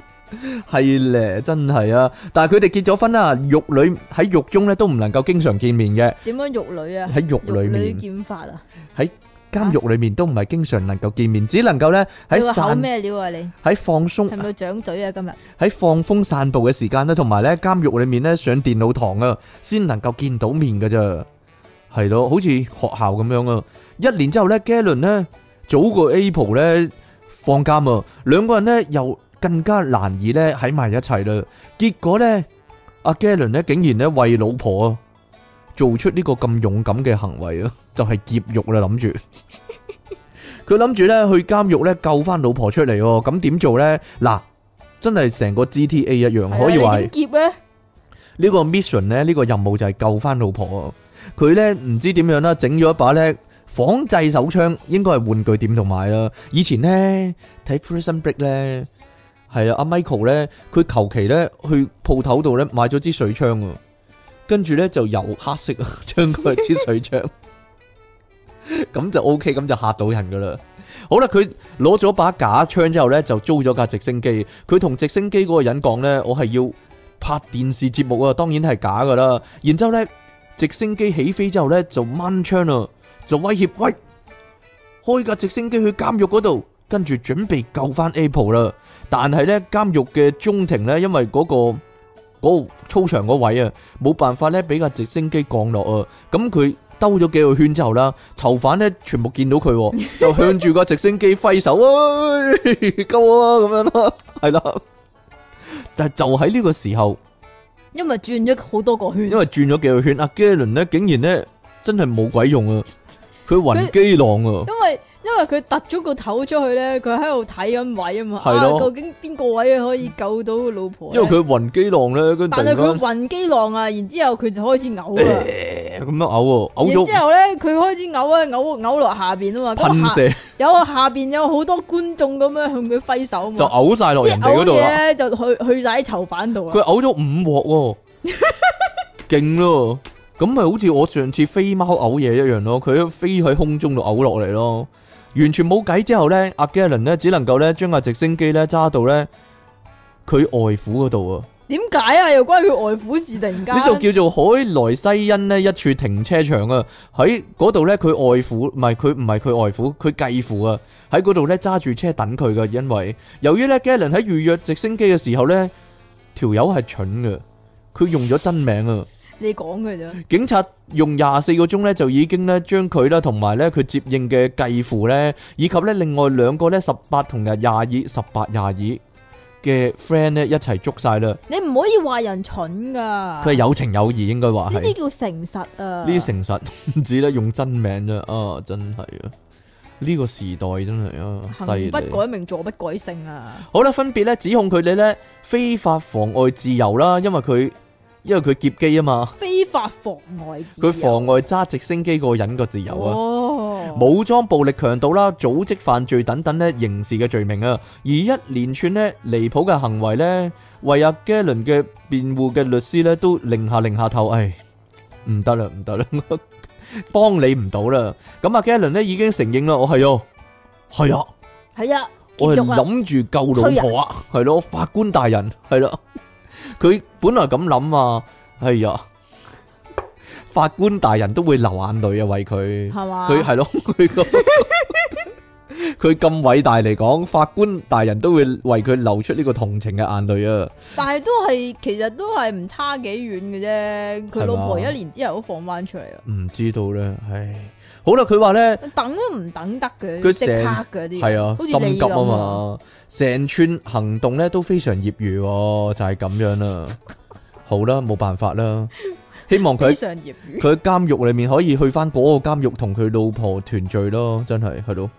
係咧，真係啊！但係佢哋結咗婚啊，獄女喺獄中咧都唔能夠經常見面嘅。點樣獄女啊？喺獄裏，獄女見法啊？喺監獄裏面都唔係經常能夠見面，只能夠咧喺散咩料啊？你喺放鬆係咪掌嘴啊？今日喺放風散步嘅時間咧，同埋咧監獄裏面咧上電腦堂啊，先能夠見到面噶咋？係咯，好似學校咁樣啊！一年之後咧，Galen 咧早過 April 咧放監啊，兩個人咧又。更加難以咧喺埋一齊啦。結果呢，阿、啊、Galen 咧竟然咧為老婆做出呢個咁勇敢嘅行為咯， 就係劫獄啦。諗住佢諗住咧去監獄咧救翻老婆出嚟喎、哦。咁點做呢？嗱，真係成個 G T A 一樣，啊、可以話劫呢個 mission 咧呢、呢個任務就係救翻老婆。佢呢唔知點樣啦，整咗一把呢仿製手槍，應該係玩具店同埋啦。以前呢，睇 Prison Break 呢。係啊，阿 Michael 呢，佢求其呢去鋪頭度呢買咗支水槍啊，跟住呢就油黑色啊， 槍支水槍，咁就 OK，咁就吓到人噶啦。好啦，佢攞咗把假槍之後呢，就租咗架直升機。佢同直升機嗰個人講呢，我係要拍電視節目啊，當然係假噶啦。然之後呢，直升機起飛之後呢，就掹槍啊，就威脅喂，開架直升機去監獄嗰度。跟住準備救翻 Apple 啦，但係咧監獄嘅中庭咧，因為嗰個嗰操場嗰位啊，冇辦法咧俾架直升機降落啊。咁佢兜咗幾個圈之後啦，囚犯咧全部見到佢，就向住個直升機揮手啊，救啊咁樣咯，係啦。但係就喺呢個時候，因為轉咗好多個圈，因為轉咗幾個圈，阿 Galen 咧竟然咧真係冇鬼用啊，佢暈機浪啊。因為佢突咗個頭出去咧，佢喺度睇緊位啊嘛，的啊究竟邊個位可以救到個老婆？因為佢暈機浪咧，但係佢暈機浪啊，然之後佢就開始嘔啦，咁樣嘔，嘔咗，然之後咧佢開始嘔啊，嘔嘔落下邊啊嘛，噴射下有下邊有好多觀眾咁樣向佢揮手啊嘛，就嘔晒落人哋嗰度就去去晒啲囚犯度啊，佢嘔咗五鑊喎。哦，勁咯， 咁咪好似我上次飛貓嘔嘢一樣咯，佢飛喺空中度嘔落嚟咯。完全冇計之後呢，阿 Galen 呢只能夠呢將架直升機呢揸到呢，佢外父嗰度啊？點解啊？又關佢外父事突然間？呢度叫做海萊西恩呢一處停車場啊！喺嗰度呢，佢外父唔係佢唔係佢外父，佢繼父啊！喺嗰度呢，揸住車等佢㗎，因為由於 Galen 喺預約直升機嘅時候呢，條友係蠢嘅，佢用咗真名啊！你講嘅啫，警察用廿四個鐘咧，就已經咧將佢啦，同埋咧佢接應嘅繼父咧，以及咧另外兩個咧十八同日廿二十八廿二嘅 friend 咧一齊捉晒啦。你唔可以話人蠢噶，佢係有情有義應該話係。呢啲叫誠實啊！呢啲誠實唔止啦，用真名啫啊，真係啊，呢個時代真係啊，行不改名，坐不改姓啊。好啦，分別咧指控佢哋咧非法妨礙自由啦，因為佢。因為佢劫機啊嘛，非法妨礙佢妨礙揸直升機個人個自由啊，哦、武裝暴力強盜啦、組織犯罪等等咧，刑事嘅罪名啊，而一連串呢離譜嘅行為咧，為阿 Galen 嘅辯護嘅律師咧都擰下擰下頭，唉、哎，唔得啦，唔得啦，幫 你唔到啦。咁阿 Galen 呢已經承認啦，我係喲，係啊，係啊，啊我係諗住救老婆人啊，係咯、啊，法官大人，係啦、啊。佢本來咁諗啊，哎呀，法官大人都會流眼淚啊，為佢，係嘛，佢係咯，佢佢咁偉大嚟講，法官大人都會為佢流出呢個同情嘅眼淚啊！但係都係，其實都係唔差幾遠嘅啫。佢老婆一年之後都放翻出嚟啦。唔知道咧，唉。好啦，佢話咧等都唔等得嘅，佢即刻嘅啲係啊，心急啊嘛，成串行動咧都非常業餘，就係咁樣啦。好啦，冇辦法啦，希望佢佢喺監獄裏面可以去翻嗰個監獄同佢老婆團聚咯，真係係咯。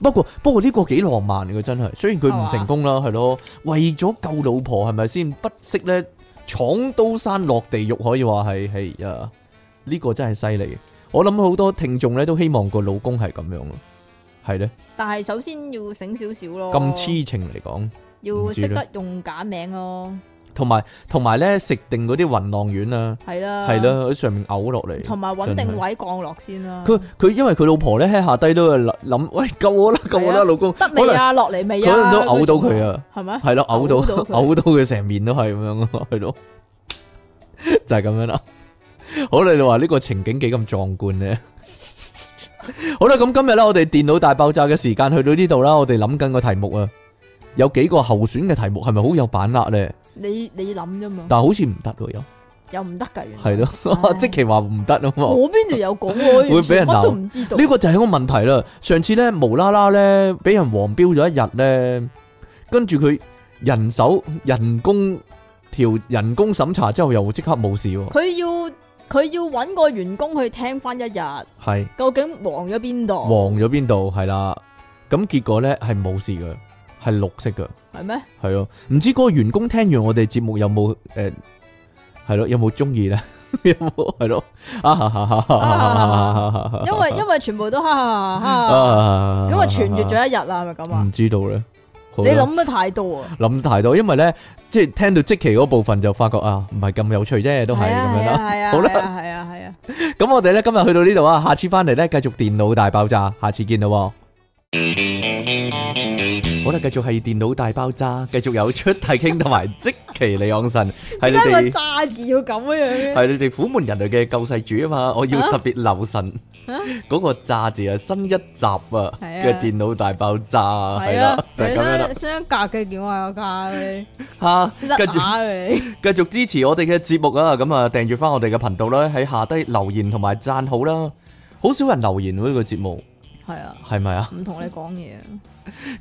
不過不過呢個幾浪漫嘅真係，雖然佢唔成功啦，係咯，為咗救老婆係咪先不惜咧闖刀山落地獄，可以話係係啊呢個真係犀利。我諗好多聽眾咧都希望個老公係咁樣咯，係咧。但係首先要醒少少咯。咁痴情嚟講，要識得用假名咯。同埋同埋咧食定嗰啲云浪丸啊，係啦係啦，喺上面嘔落嚟。同埋穩定位降落先啦。佢佢因為佢老婆咧喺下低都係諗，喂，救我啦，救我啦，老公，得你啊，落嚟未啊？可能都嘔到佢啊，係咪？係咯，嘔到嘔到佢成面都係咁樣咯，係咯，就係咁樣啦。好，你哋話呢個情景幾咁壯觀咧？好啦，咁今日咧，我哋電腦大爆炸嘅時間去到呢度啦。我哋諗緊個題目啊，有幾個候選嘅題目係咪好有把握咧？你你諗啫嘛？但係好似唔得喎，又又唔得噶。係咯，即係話唔得啊！我邊度有講過完全會俾人鬧，乜都唔知道？呢個就係一個問題啦。上次咧無啦啦咧俾人黃標咗一日咧，跟住佢人手人工調人工審查之後，又即刻冇事。佢要。佢要揾個員工去聽翻一日，係究竟黃咗邊度？黃咗邊度？係啦，咁結果咧係冇事嘅，係綠色嘅，係咩？係咯，唔知嗰個員工聽完我哋節目有冇誒，係咯，有冇中意咧？有冇係咯？啊，因為因為全部都，咁啊，傳閱咗一日啦，係咪咁啊？唔知道咧。你諗得太多啊！諗太多，因為咧，即係聽到即期嗰部分就發覺啊，唔係咁有趣啫，都係咁樣啦。係啊，好啦，係啊，係啊，係 啊。咁我哋咧今日去到呢度啊，下次翻嚟咧繼續電腦大爆炸，下次見咯。我哋繼續係電腦大爆炸，繼續有出體 king 同埋積淇離岸神，係你哋炸字要咁樣嘅，係你哋虎門人類嘅救世主啊嘛！我要特別留神嗰個炸字啊，新一集啊嘅電腦大爆炸啊，係啊，就係咁樣相隔嘅機點下個卡啊，跟住繼續支持我哋嘅節目啊！咁啊，訂住翻我哋嘅頻道啦，喺下低留言同埋讚好啦。好少人留言呢個節目，係啊，係咪啊？唔同你講嘢。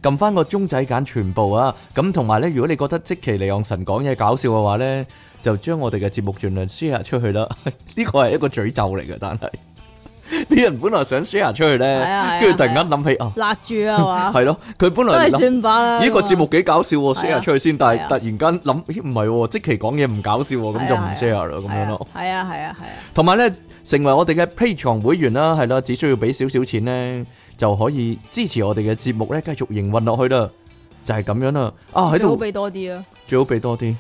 撳翻個鐘仔揀全部啊！咁同埋咧，如果你覺得積淇離岸神講嘢搞笑嘅話咧，就將我哋嘅節目盡量 share 出去啦。呢個係一個詛咒嚟嘅，但係啲人本來想 share 出去咧，跟住突然間諗起啊，勒住啊嘛，係咯，佢本來都係算吧啦。呢個節目幾搞笑，share 出去先。但係突然間諗咦，唔係，積淇講嘢唔搞笑，咁就唔 share 啦，咁樣咯。係啊，係啊，係啊。同埋咧。成為我哋嘅 pay 牆會員啦，係啦，只需要俾少少錢咧，就可以支持我哋嘅節目咧，繼續營運落去啦，就係、是、咁樣啦。啊，喺度最好俾多啲啦，最好俾多啲，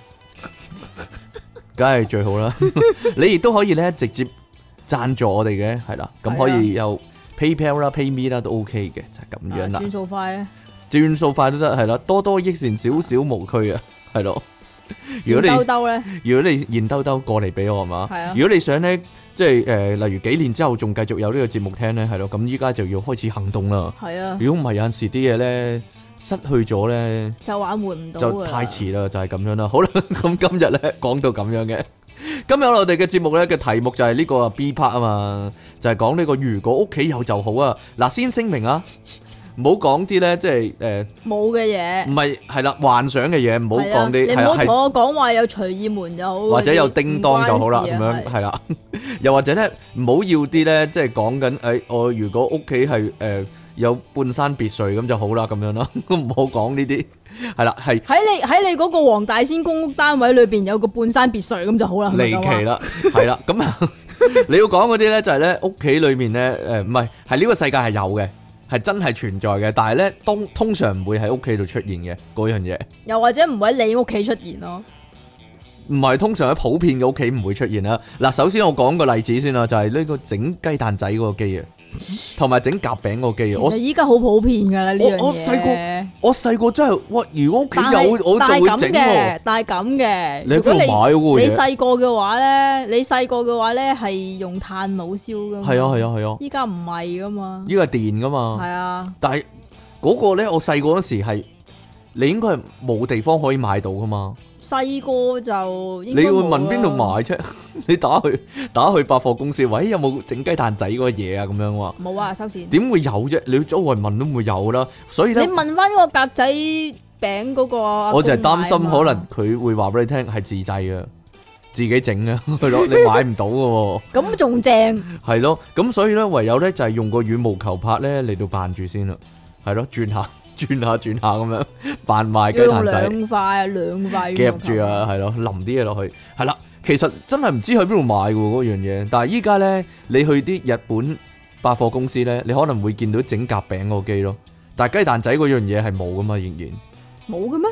梗係 最好啦。 你亦都可以咧直接贊助我哋嘅，係啦，咁可以有 PayPal 啦、PayMe 啦都 OK 嘅，就係、是、咁樣啦、啊。轉數快、啊，轉數快都得，係啦，多多益善，少少無區啊，係咯。如果你兜兜如果你現兜兜過嚟俾我係嘛，如果你想咧。即係誒、呃，例如幾年之後仲繼續有呢個節目聽咧，係咯，咁依家就要開始行動啦。係啊的，如果唔係有陣時啲嘢咧失去咗咧，就挽回唔到，就太遲啦，就係咁樣啦。好啦，咁今日咧講到咁樣嘅，今日 我哋嘅節目咧嘅題目就係呢個啊 B part 啊嘛，就係講呢個如果屋企有就好啊。嗱，先聲明啊。唔好講啲咧，即係誒，冇嘅嘢，唔係係啦，幻想嘅嘢，唔好講啲。你唔好同我講話有隨意門就好，或者有叮當就好啦，咁樣係啦。又或者咧，唔好要啲咧，即係講緊誒，我如果屋企係誒有半山別墅咁就好啦，咁樣咯。唔好講呢啲，係啦，係喺你喺你嗰個黃大仙公屋單位裏邊有個半山別墅咁就好啦。離奇啦，係啦，咁啊，你要講嗰啲咧就係咧屋企裏面咧誒，唔係係呢個世界係有嘅。係真係存在嘅，但係咧都通常唔會喺屋企度出現嘅嗰樣嘢，又或者唔喺你屋企出現咯，唔係通常喺普遍嘅屋企唔會出現啦。嗱，首先我講個例子先啦，就係呢個整雞蛋仔嗰個機啊。同埋整夾餅個機啊，我依家，好普遍噶啦呢樣嘢。我細個，我細個真係，哇！如果屋企有，是我就會整嘅，但係咁嘅。你唔可以買嘅嘢。你細個嘅話咧，你細個嘅話咧係用炭爐燒噶。係啊係啊係啊，依家唔係噶嘛，依個係電噶嘛。係啊，但係嗰個咧，我細個嗰時係。你應該係冇地方可以買到噶嘛？細個就你會問邊度買啫？你打去打去百貨公司，喂，有冇整雞蛋仔嗰個嘢啊？咁樣喎，冇啊，收線。點會有啫？你周圍問都唔會有啦。所以咧，你問翻個格仔餅嗰個，我就係擔心可能佢會話俾你聽係自製嘅，自己整嘅，係咯，你買唔到噶喎。咁仲正？係咯，咁所以咧，唯有咧就係用個羽毛球拍咧嚟到扮住先啦，係咯，轉下。轉下轉下咁樣扮賣雞蛋仔，用兩塊兩塊夾住啊，係咯，淋啲嘢落去，係啦。其實真係唔知去邊度買嘅喎，嗰樣嘢。但係依家咧，你去啲日本百貨公司咧，你可能會見到整夾餅嗰個機咯。但係雞蛋仔嗰樣嘢係冇嘅嘛，仍然冇嘅咩？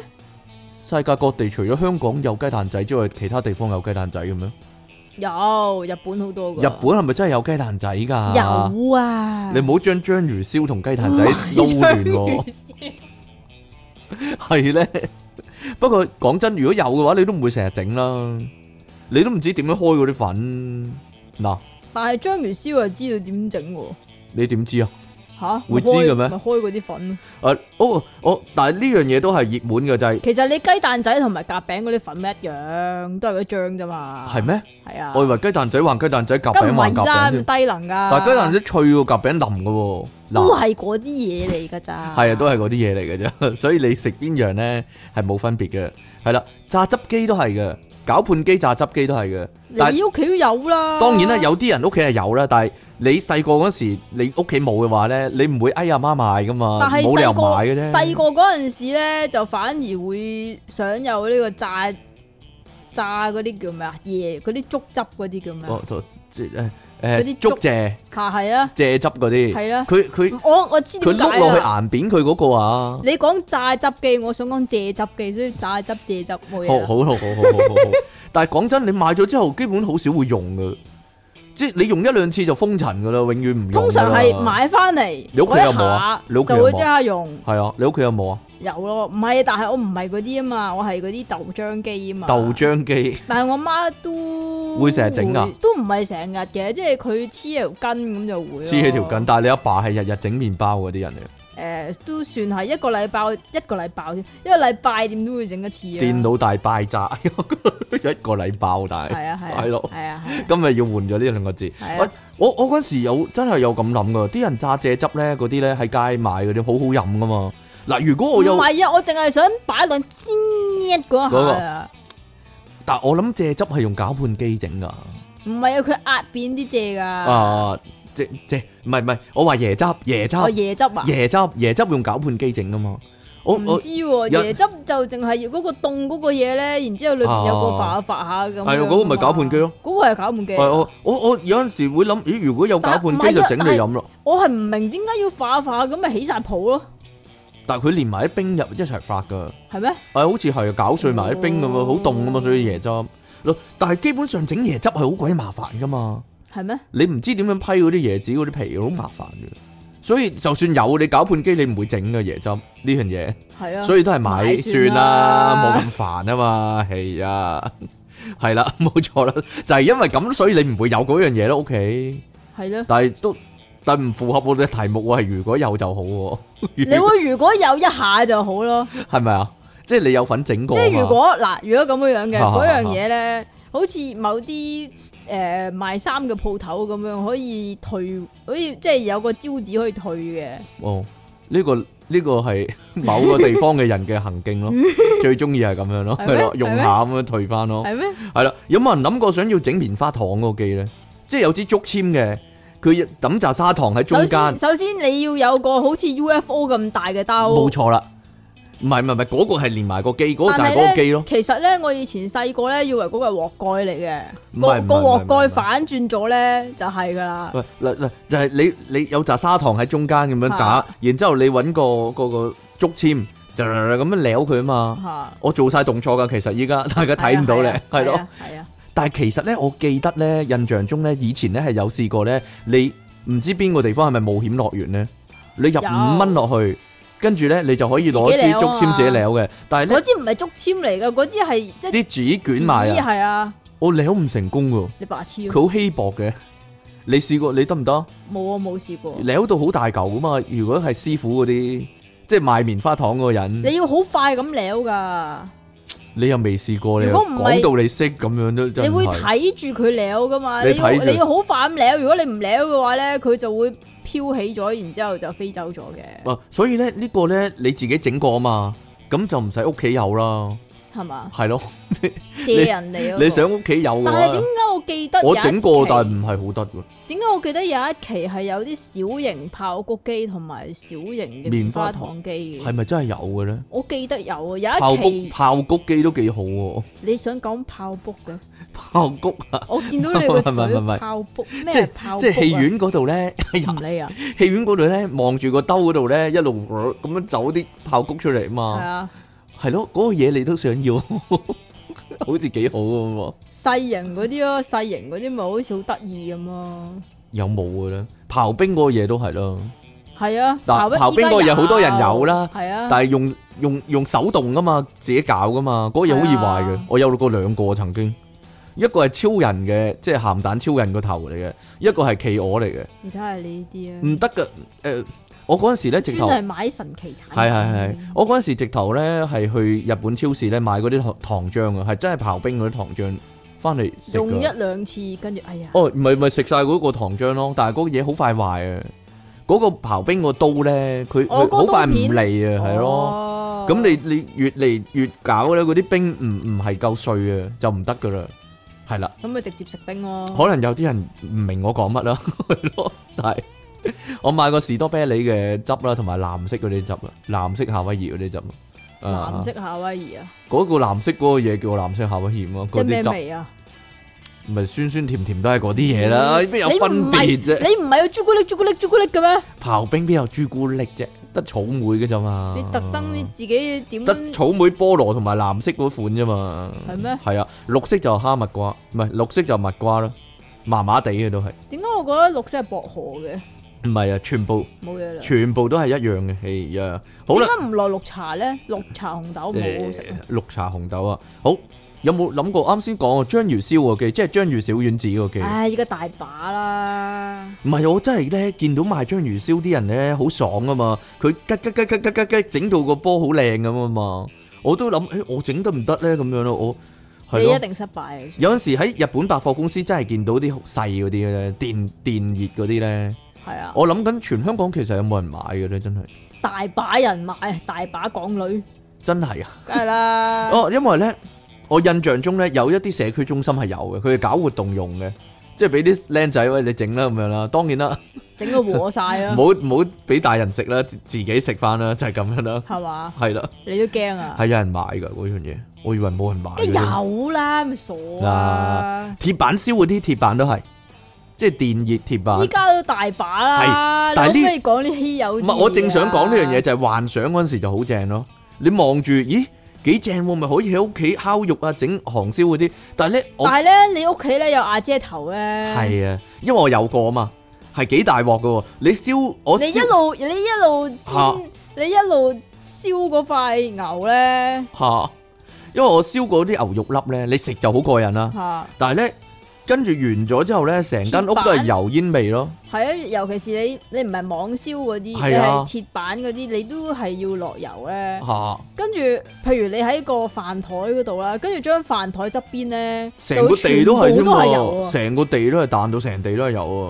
世界各地除咗香港有雞蛋仔之外，其他地方有雞蛋仔嘅咩？有，日本好多噶。日本係咪真係有雞蛋仔噶？有啊。你唔好將章魚燒同雞蛋仔撈亂喎。係咧 是呢。 不過講真，如果有嘅話，你都唔會成日整啦。你都唔知點樣開嗰啲粉嗱。但係章魚燒又知道點整喎。你點知啊？吓，哈會知嘅咩？咪開嗰啲粉。誒、啊，哦，我、哦、但係呢樣嘢，都係熱門嘅就係。其實你雞蛋仔同埋夾餅嗰啲粉咪一樣，都係啲醬咋嘛？係咩嗎？係啊。我以為雞蛋仔還雞蛋仔，夾餅還夾餅。咁低能噶，啊？但雞蛋仔脆喎，夾餅腍嘅喎。啊、都係嗰啲嘢嚟噶咋？係 啊，都係嗰啲嘢嚟噶咋？所以你食邊樣咧係冇分別嘅，係啦，榨汁機都係嘅。攪拌機、榨汁機都係嘅但係你屋企都有啦。當然啦，有啲人屋企係有啦，但係你細個嗰時你屋企冇嘅話咧，你唔會哎呀，媽買噶嘛，冇理由買嘅啫。細個嗰陣時咧，就反而會想有呢個榨榨嗰啲叫咩啊椰嗰啲粥汁嗰啲叫咩？哦，即係。嗰啲竹蔗，係啊，蔗汁嗰啲，係啦。佢佢我我知佢碌落去岩扁佢嗰個啊。你講榨汁機，我想講蔗汁機，所以榨汁蔗汁冇嘢啦。好，好，好，好，好，好，好。 但係講真，你買咗之後，基本好少會用噶。即係你用一兩次就封塵噶啦，永遠唔用。通常係買翻嚟你屋企有冇啊？嗰一下就會即刻用。係啊，你屋企有冇啊？有咯，唔係，但係我唔係嗰啲啊嘛，我係嗰啲豆漿機啊嘛。豆漿機。 但係我媽都會成日整啊，都唔係成日嘅，即係佢黐條筋咁就會。黐起條筋，但係你阿爸係日日整麵包嗰啲人嚟。誒、呃，都算係一個禮拜，一個禮拜添，一個禮拜點都會整 一次啊！電腦大爆炸？一個禮拜，但係啊，係係咯，係啊，啊啊今日要換咗呢兩個字。啊啊、我我我嗰時有真係有咁諗噶，啲人榨蔗汁咧，嗰啲咧喺街買嗰啲好好飲噶嘛。嗱、啊，如果我有，唔係啊，我淨係想擺兩煎一嗰下啊、那個。但我諗蔗汁係用攪拌機整噶，唔係啊，佢壓扁啲蔗噶啊。即即唔係唔係，我話椰汁椰汁，椰汁啊椰汁啊椰汁用攪拌機整噶嘛，我唔知喎。椰汁、啊、椰汁就淨係要嗰個凍嗰個嘢咧，然之後裏邊有個化化下咁。係啊，嗰個咪攪拌機咯、啊。嗰個係攪拌機、啊。係我我我有陣時會諗，咦？如果有攪拌機就整嚟飲咯。我係唔明點解要化化下咁咪起晒泡咯？但係佢連埋啲冰入一齊發噶，係咩嗎？係好似係攪碎埋啲冰噶嘛，好凍噶、哦、嘛，所以椰汁。但係基本上整椰汁係好鬼麻煩噶嘛。係咩？你唔知點樣批嗰啲椰子嗰啲皮，好麻煩嘅。所以就算有，你攪拌機你唔會整個椰汁呢樣嘢。係啊。所以都係買算啦，冇咁煩啊嘛。係 啊，係啦、啊，冇錯啦。就係、是、因為咁，所以你唔會有嗰樣嘢咯。O、okay? K、啊。係咯。但係都但唔符合我哋嘅題目。我係如果有就好。就好你會如果有一下就好咯。係咪 啊？即係你有份整過。即係如果嗱，如果咁樣樣嘅嗰樣嘢咧。 好似某啲誒、呃、賣衫嘅鋪頭咁樣，可以退，可以即係有個招紙可以退嘅。哦，呢個呢個係某個地方嘅人嘅行徑咯， 最中意係咁樣咯，係嗎咯，用下咁樣退翻咯，係咩嗎？係啦，有冇人諗過想要整棉花糖嗰個機咧？即係有支竹籤嘅，佢抌扎砂糖喺中間。首先你要有個好似 UFO 咁大嘅兜。冇錯啦。唔係唔係唔係，嗰個係連埋個機，嗰個就係嗰個機咯。其實咧，我以前細個咧，以為嗰個係鍋蓋嚟嘅。個個鍋蓋反轉咗咧，就係噶啦。喂，嗱嗱，就係你你有扎砂糖喺中間咁樣扎，然之後你搵個個個竹籤，就咁樣撩佢啊嘛。我做晒動作噶，其實依家大家睇唔到咧，係咯。係啊。但係其實咧，我記得咧，印象中咧，以前咧係有試過咧，你唔知邊個地方係咪冒險樂園咧？你入五蚊落去。跟住咧，你就可以攞支竹籤自己撩嘅。但係咧，嗰支唔係竹籤嚟㗎，嗰支係即係啲紙捲埋啊，係啊。我撩唔成功噶，你白痴。佢好稀薄嘅，你試過你得唔得？冇啊，冇試過。撩到好大嚿㗎嘛！如果係師傅嗰啲，即係賣棉花糖嗰個人，你要好快咁撩噶。你又未試過？如果唔係，講到你識咁樣都真係。你會睇住佢撩噶嘛？你睇住佢。你要你要好快咁撩。如果你唔撩嘅話咧，佢就會。漂起咗，然之後就飛走咗嘅。啊，所以咧呢個呢，你自己整過啊嘛，咁就唔使屋企有啦。係嘛？係咯，借人嚟咯。你想屋企有，但係點解我記得我整過，但係唔係好得喎。點解我記得有一期係有啲小型炮谷機同埋小型棉花糖機嘅？係咪真係有嘅咧？我記得有啊，有一期炮谷機都幾好喎。你想講炮谷嘅炮谷啊？我見到你個嘴，唔係唔係炮谷咩？即係即係戲院嗰度咧，戲院度咧，望住個兜嗰度咧，一路咁樣走啲炮谷出嚟啊嘛。係啊。係咯，嗰個嘢，你都想要， 好似幾好嘅喎。細人細型嗰啲咯，細型嗰啲咪好似好得意咁咯。有冇嘅咧？刨冰嗰個嘢都係咯。係啊的，刨冰嗰個嘢好多人有啦。係啊的，但係用用用手動噶嘛，自己搞噶嘛，嗰個嘢好易壞嘅。的我有過兩個，曾經一個係超人嘅，即係鹹蛋超人個頭嚟嘅，一個係企鵝嚟嘅。而家係呢啲啊？唔得噶，誒、呃。我嗰陣時咧，直頭係買神奇產品。係係係，我嗰陣時直頭咧係去日本超市咧買嗰啲糖漿啊，係真係刨冰嗰啲糖漿翻嚟用一兩次，跟住哎呀哦，唔係唔係食晒嗰個糖漿咯，但係嗰個嘢好快壞啊！嗰個刨冰個刀咧，佢好快唔嚟啊，係咯。咁你你越嚟越搞咧，嗰啲冰唔唔係夠碎啊，就唔得噶啦，係啦。咁咪直接食冰咯。可能有啲人唔明我講乜啦，係咯，係。我買個士多啤梨嘅汁啦，同埋藍色嗰啲汁啦，藍色夏威夷嗰啲汁啊。嗯、藍色夏威夷啊，嗰個藍色嗰個嘢叫藍色夏威夷咁啊。即係咩味啊？唔係酸酸甜甜都係嗰啲嘢啦，邊、嗯、有分別啫？你唔係有朱古力朱古力朱古力嘅咩？刨冰邊有朱古力啫，得草莓嘅咋嘛？你特登你自己點？得草莓、菠蘿同埋藍色嗰款咋嘛？係咩？係啊，綠色就哈密瓜，唔係綠色就蜜瓜囉，麻麻地嘅都係。點解我覺得綠色係薄荷嘅？唔係啊，全部冇嘢啦，全部都係一樣嘅，係一樣。好啦，點解唔落綠茶咧？綠茶紅豆冇好食。綠茶紅豆啊，好有冇諗過啱先講嘅章魚燒嗰個機，即係章魚小丸子嗰個機？唉，而家大把啦。唔係我真係咧，見到賣章魚燒啲人咧，好爽啊嘛！佢吉吉吉吉吉吉整到個波好靚咁啊嘛！我都諗，誒我整得唔得咧？咁樣咯，我係咯。你一定失敗。有陣時喺日本百貨公司真係見到啲好細嗰啲咧，電電熱嗰啲咧。係啊，我諗緊全香港其實有冇人買嘅咧？真係大把人買，大把港女，真係的啊，梗係啦。 哦，因為咧，我印象中咧有一啲社區中心係有嘅，佢哋搞活動用嘅，即係俾啲僆仔，喂你整啦，咁樣啦。當然啦，整到和晒咯、啊，唔好唔好俾大人食啦，自己食翻啦，就係、是、咁樣啦。係嘛吧？係啦，你都驚啊？係、啊、有人買噶嗰樣嘢，我以為冇人買。梗有啦，咪傻啊！鐵板燒嗰啲鐵板都係。即係電熱貼啊！依家都大把啦，但係呢講啲稀有。唔係，我正想講呢樣嘢就係幻想嗰陣時就好正咯。你望住，咦幾正喎、啊？咪可以喺屋企烤肉啊，整韓燒嗰啲。但係咧，但係咧，你屋企咧有阿姐頭咧。係啊，因為我有個啊嘛，係幾大鑊嘅喎。你燒我燒，你一路你一路煎，哈你一路燒嗰塊牛咧。嚇！因為我燒過啲牛肉粒咧，你食就好過癮啦。嚇哈！但係咧。跟住完咗之後咧，成間屋都係油煙味咯。係啊板，尤其是你你唔係網燒嗰啲，啊、你係鐵板嗰啲，你都係要落油咧。嚇、啊！跟住，譬如你喺個飯台嗰度啦，跟住將飯台側邊咧，成個地都係油喎，成個地都係彈到成地都係油。啊。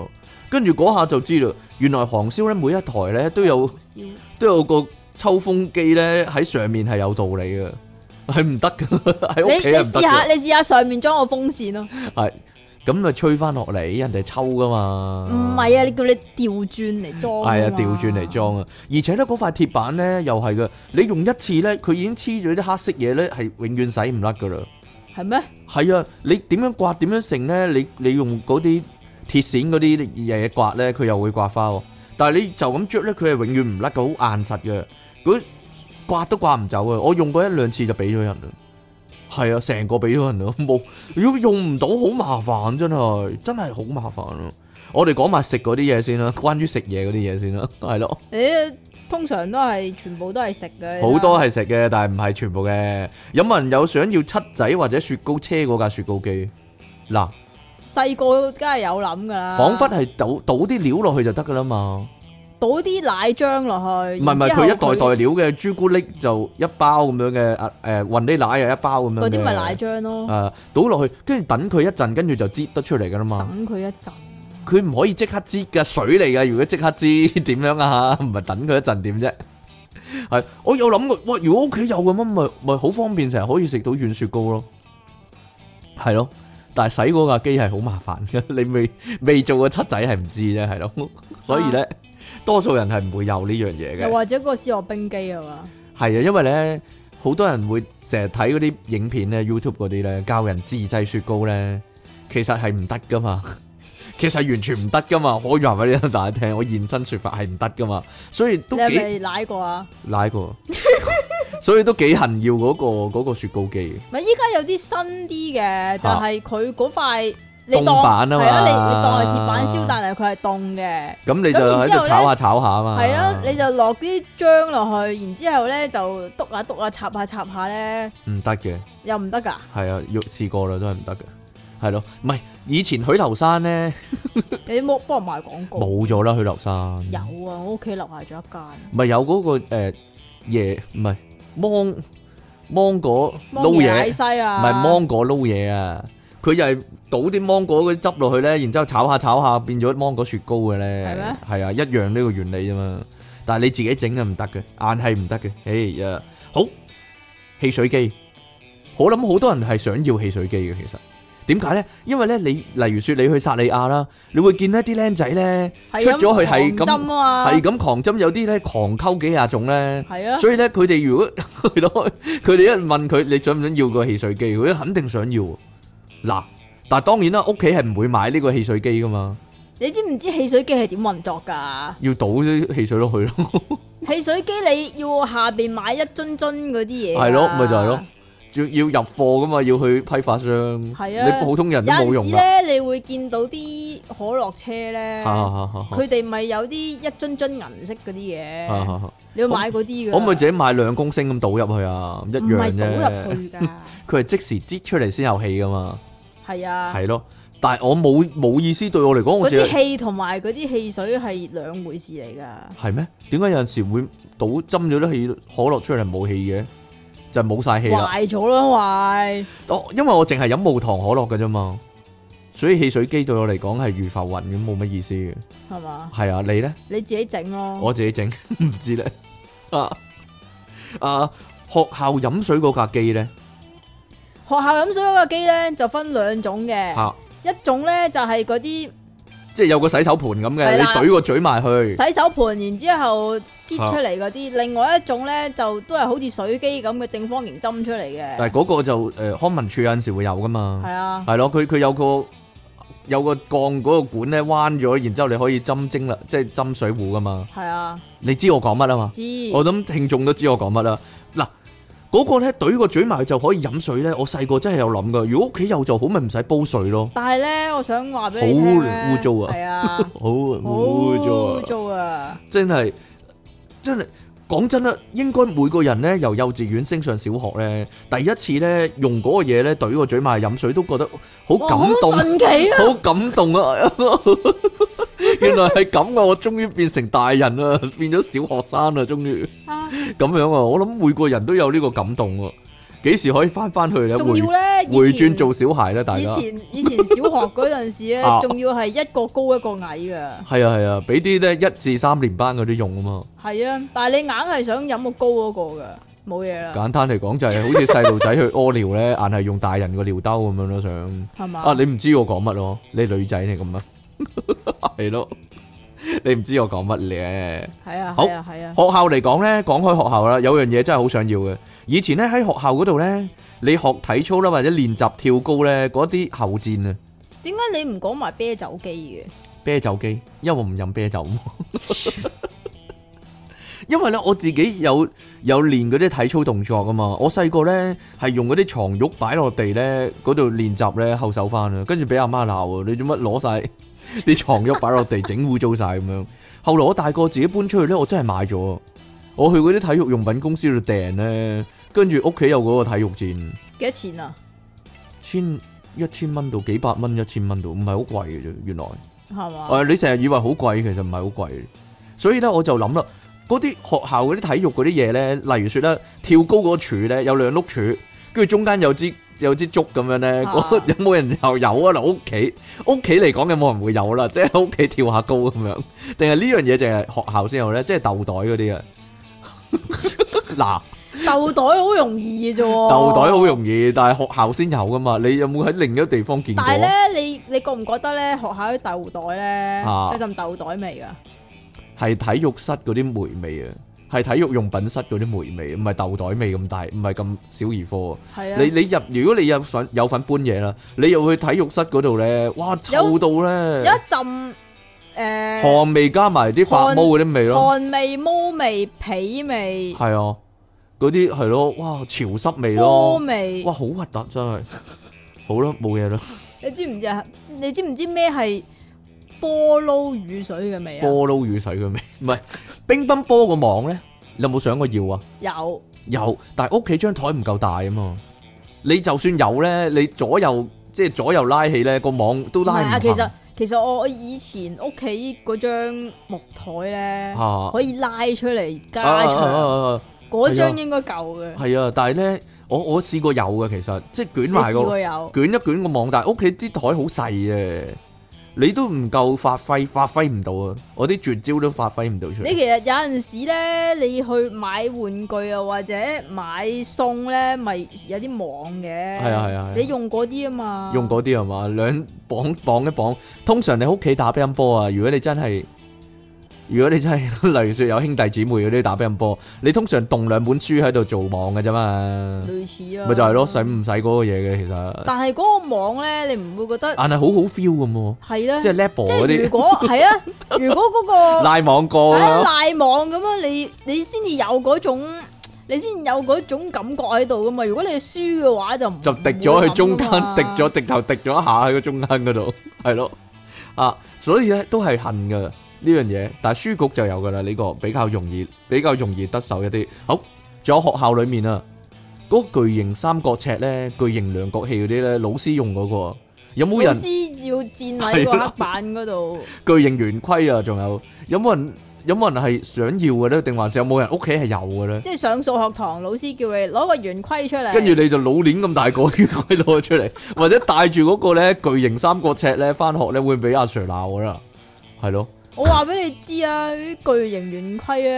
跟住嗰下就知啦，原來行燒咧每一台咧都有燒都有個抽風機咧喺上面係有道理嘅，係唔得㗎。喺屋企唔得嘅。你你試下你試下上面裝個風扇咯、啊，係。咁咪吹翻落嚟，人哋抽噶嘛？唔係啊，你叫你調轉嚟裝。係啊，調轉嚟裝啊！而且咧，嗰塊鐵板咧，又係噶。你用一次咧，佢已經黐咗啲黑色嘢咧，係永遠洗唔甩噶啦。係咩？係啊，你點樣刮點樣成咧？你你用嗰啲鐵線嗰啲嘢刮咧，佢又會刮花。但係你就咁着咧，佢係永遠唔甩噶，好硬實噶。佢刮都刮唔走噶。我用過一兩次就俾咗人啦。係啊，成個俾咗人哋都冇，如果用唔到好麻煩，真係真係好麻煩啊！我哋講埋食嗰啲嘢先啦，關於食嘢嗰啲嘢先啦，係咯。誒、欸，通常都係全部都係食嘅。好多係食嘅，但係唔係全部嘅。有冇人有想要七仔或者雪糕車嗰架雪糕機？嗱，細個梗係有諗噶啦。仿佛係倒倒啲料落去就得噶啦嘛。倒啲奶漿落去，唔係唔係佢一袋袋料嘅他朱古力就一包咁樣嘅，誒誒混啲奶又一包咁樣。嗰啲咪奶漿咯。誒、啊，倒落去，跟住等佢一陣，跟住就擠得出嚟噶啦嘛。等佢一陣。佢唔可以即刻擠噶，水嚟噶。如果即刻擠，點樣啊？唔 係等佢一陣點啫？係 我有諗過，哇！如果屋企有咁樣，咪咪好方便，成日可以食到軟雪糕咯。係 咯，但係洗嗰架機係好麻煩嘅。 你未未，未做過七仔係唔知啫，係咯。 所以咧。 多數人係唔會有呢樣嘢嘅，又或者個思樂冰機啊，嘛？係啊，因為咧好多人會成日睇嗰啲影片咧，YouTube 嗰啲咧教人自製雪糕咧，其實係唔得噶嘛， 其實完全唔得噶嘛，可以話俾你大家聽，我現身說法係唔得噶嘛，所以都你係咪奶過啊？奶過， 所以都幾恨要嗰、嗰個、嗰個雪糕機。唔係，依家有啲新啲嘅，就係佢嗰塊。啊凍板啊，嘛？係啊，你你當係鐵板燒，但係佢係凍嘅。咁你就喺度炒下炒下啊嘛。係咯，你就落啲漿落去，然之後咧就篤下篤下，插下插下咧。唔得嘅。又唔得噶？係啊，要試過啦，都係唔得嘅。係咯，唔係以前許留山咧，你冇幫我賣廣告。冇咗啦，許留山。有啊，我屋企樓下仲有一間。唔係有嗰個誒嘢，唔係芒芒果撈嘢西啊，唔係芒果撈嘢啊。佢就係倒啲芒果嗰啲汁落去咧，然之後炒下炒下變咗芒果雪糕嘅咧，係啊，一樣呢個原理啫嘛。但係你自己整就唔得嘅，硬係唔得嘅。哎呀，好汽水機，我諗好多人係想要汽水機嘅。其實點解咧？因為咧，你例如說你去薩利亞啦，你會見一啲僆仔咧出咗去係咁係咁狂針，有啲咧狂溝幾廿種咧。係啊，所以咧佢哋如果去到佢哋一問佢，你想唔想要個汽水機，佢肯定想要。嗱，但係當然啦，屋企係唔會買呢個汽水機噶嘛。你知唔知汽水機係點運作噶？要倒啲汽水落去咯。汽水機你要下邊買一樽樽嗰啲嘢。係咯，咪就係咯，要要入貨噶嘛，要去批發商。係啊，你普通人都冇用。有時咧，你會見到啲可樂車咧，佢哋咪有啲一樽樽銀色嗰啲嘢。你要買嗰啲嘅，可唔可以自己買兩公升咁倒入去啊？一樣啫。佢係即時擠出嚟先有氣噶嘛。係啊，係咯，但係我冇冇意思，對我嚟講，嗰啲氣同埋嗰啲汽水係兩回事嚟噶。係咩？點解有陣時會倒斟咗啲氣可樂出嚟冇氣嘅？就冇晒氣啦。壞咗啦，壞、哦。因為我淨係飲無糖可樂噶啫嘛，所以汽水機對我嚟講係如浮雲咁，冇乜意思嘅。係嘛吧？係啊，你咧？你自己整咯，啊。我自己整，唔知咧。 啊啊，學校飲水嗰架機咧？學校飲水嗰個機咧就分兩種嘅，啊、一種咧就係嗰啲，即係有個洗手盆咁嘅，的你懟個嘴埋去。洗手盆，然之後擠出嚟嗰啲，另外一種咧就都係好似水機咁嘅正方形針出嚟嘅。誒，嗰個就誒、呃、康文署有陣時會有噶嘛？係啊的，係咯，佢佢有個有個鋼嗰個管咧彎咗，然之後你可以針蒸啦，即係針水壺噶嘛。係啊的，你知我講乜啊嘛？知道，我諗聽眾都知我講乜啦。嗱。嗰個咧懟個嘴埋就可以飲水咧，我細個真係有諗噶。如果屋企有就好，咪唔使煲水咯。但係咧，我想話俾你聽咧，好污糟啊！係啊， 好污糟啊！啊真係真係。講真啦，應該每個人咧由幼稚園升上小學咧，第一次咧用嗰個嘢咧懟個嘴埋飲水，都覺得好感動，好感動啊！ 原來係咁啊！我終於變成大人啦，變咗小學生啦，終於咁樣啊！我諗每個人都有呢個感動啊。幾時可以翻翻去咧？仲要咧，回轉前做小孩咧、啊，大家。以前以前小學嗰陣時咧，仲 要係一個高一個矮噶。係啊係啊，俾啲咧一至三年班嗰啲用啊嘛。係啊，但係你硬係想飲個高嗰個噶，冇嘢啦。簡單嚟講就係、是、好似細路仔去屙尿咧， 硬係用大人個尿兜咁樣咯，想。係嘛吧？啊，你唔知我講乜咯？你女仔你咁 啊，係咯。你唔知我講乜嘢？係啊，好啊，係啊。啊學校嚟講咧，講開學校啦，有樣嘢真係好想要嘅。以前咧喺學校嗰度咧，你學體操啦，或者練習跳高咧，嗰啲厚墊啊。點解你唔講埋啤酒機嘅？啤酒機，因為我唔飲啤酒。 因為咧，我自己有有練嗰啲體操動作噶嘛。我細個咧係用嗰啲床褥擺落地咧，嗰度練習咧後手翻啊，跟住俾阿媽鬧啊，你做乜攞晒？啲 床褥擺落地，整污糟晒咁樣。後來我大個自己搬出去咧，我真係買咗。我去嗰啲體育用品公司度訂咧，跟住屋企有嗰個體育墊。幾多錢啊？千一千蚊到幾百蚊，一千蚊到，唔係好貴嘅啫。原來係嘛？誒吧、啊，你成日以為好貴，其實唔係好貴。所以咧，我就諗啦，嗰啲學校嗰啲體育嗰啲嘢咧，例如說咧，跳高嗰個柱咧，有兩碌柱，跟住中間有支。有支竹咁樣咧，有冇人又有啊？你屋企屋企嚟講有冇人會有啦，即係屋企跳下高咁樣，定係呢樣嘢就係學校先有咧，即係豆袋嗰啲啊。嗱，豆袋好容易嘅啫，豆袋好容易，但係學校先有噶嘛？你有冇喺另一地方見到？但係咧，你你覺唔覺得咧？學校啲豆袋咧，有陣豆袋味噶，係體育室嗰啲霉味啊！係體育用品室嗰啲霉味，唔係豆袋味咁大，唔係咁小兒科。係啊！你你入，如果你入份有份搬嘢啦，你又去體育室嗰度咧，哇，臭到咧，有一浸誒汗味加埋啲發毛嗰啲味咯，汗味、毛味、皮味，係啊，嗰啲係咯，哇，潮濕味咯，毛味哇， 好核突真係。好啦，冇嘢啦。你知唔知？你知唔知咩係波撈雨水嘅味啊？波撈雨水嘅味唔係。乒乓波個網咧，你有冇想過要啊？有，有，但係屋企張台唔夠大啊嘛！你就算有咧，你左右即係左右拉起咧，個網都拉唔長。其實其實我我以前屋企嗰張木台咧，可以拉出嚟加長，嗰張應該夠嘅。係啊，但係咧，我我試過有嘅，其實即係捲埋個捲一捲個網，但係屋企啲台好細啊。你都唔夠發揮，發揮唔到啊！我啲絕招都發揮唔到出嚟。你其實有陣時咧，你去買玩具啊，或者買餸咧，咪有啲網嘅。係啊係啊，啊啊你用嗰啲啊嘛。用嗰啲係嘛？兩綁綁一綁，通常你屋企打乒乓波啊！如果你真係。如果你真係，例如說有兄弟姊妹嗰啲打乒乓波，你通常動兩本書喺度做網嘅啫嘛，類似啊，咪就係咯，使唔使嗰個嘢嘅其實？但係嗰個網咧，你唔會覺得？但係好好 feel 咁喎，係啦，即係叻 ball 嗰啲，即係如果係啊，如果嗰個瀨網過，瀨網咁啊，你你先至有嗰種，你先有嗰種感覺喺度噶嘛？如果你輸嘅話就唔就跌咗去中間，跌咗直頭跌咗一下喺個中間嗰度，係咯啊，所以咧都係恨噶。呢樣嘢，但係書局就有噶啦，呢個比較容易，比較容易得手一啲。好，仲有學校裏面啊，嗰個巨型三角尺咧，巨型量角器嗰啲咧，老師用嗰個，有冇人？老師要占喺個黑板嗰度。巨型圓規啊，仲有，有冇人有冇人係想要嘅咧？定還是有冇人屋企係有嘅咧？即係上數學堂，老師叫你攞個圓規出嚟。跟住你就老鏈咁大個圓規攞出嚟，或者帶住嗰個咧巨型三角尺咧返學咧，會俾阿 Sir 鬧噶啦，係咯。 我話俾你知啊，啲巨型圓規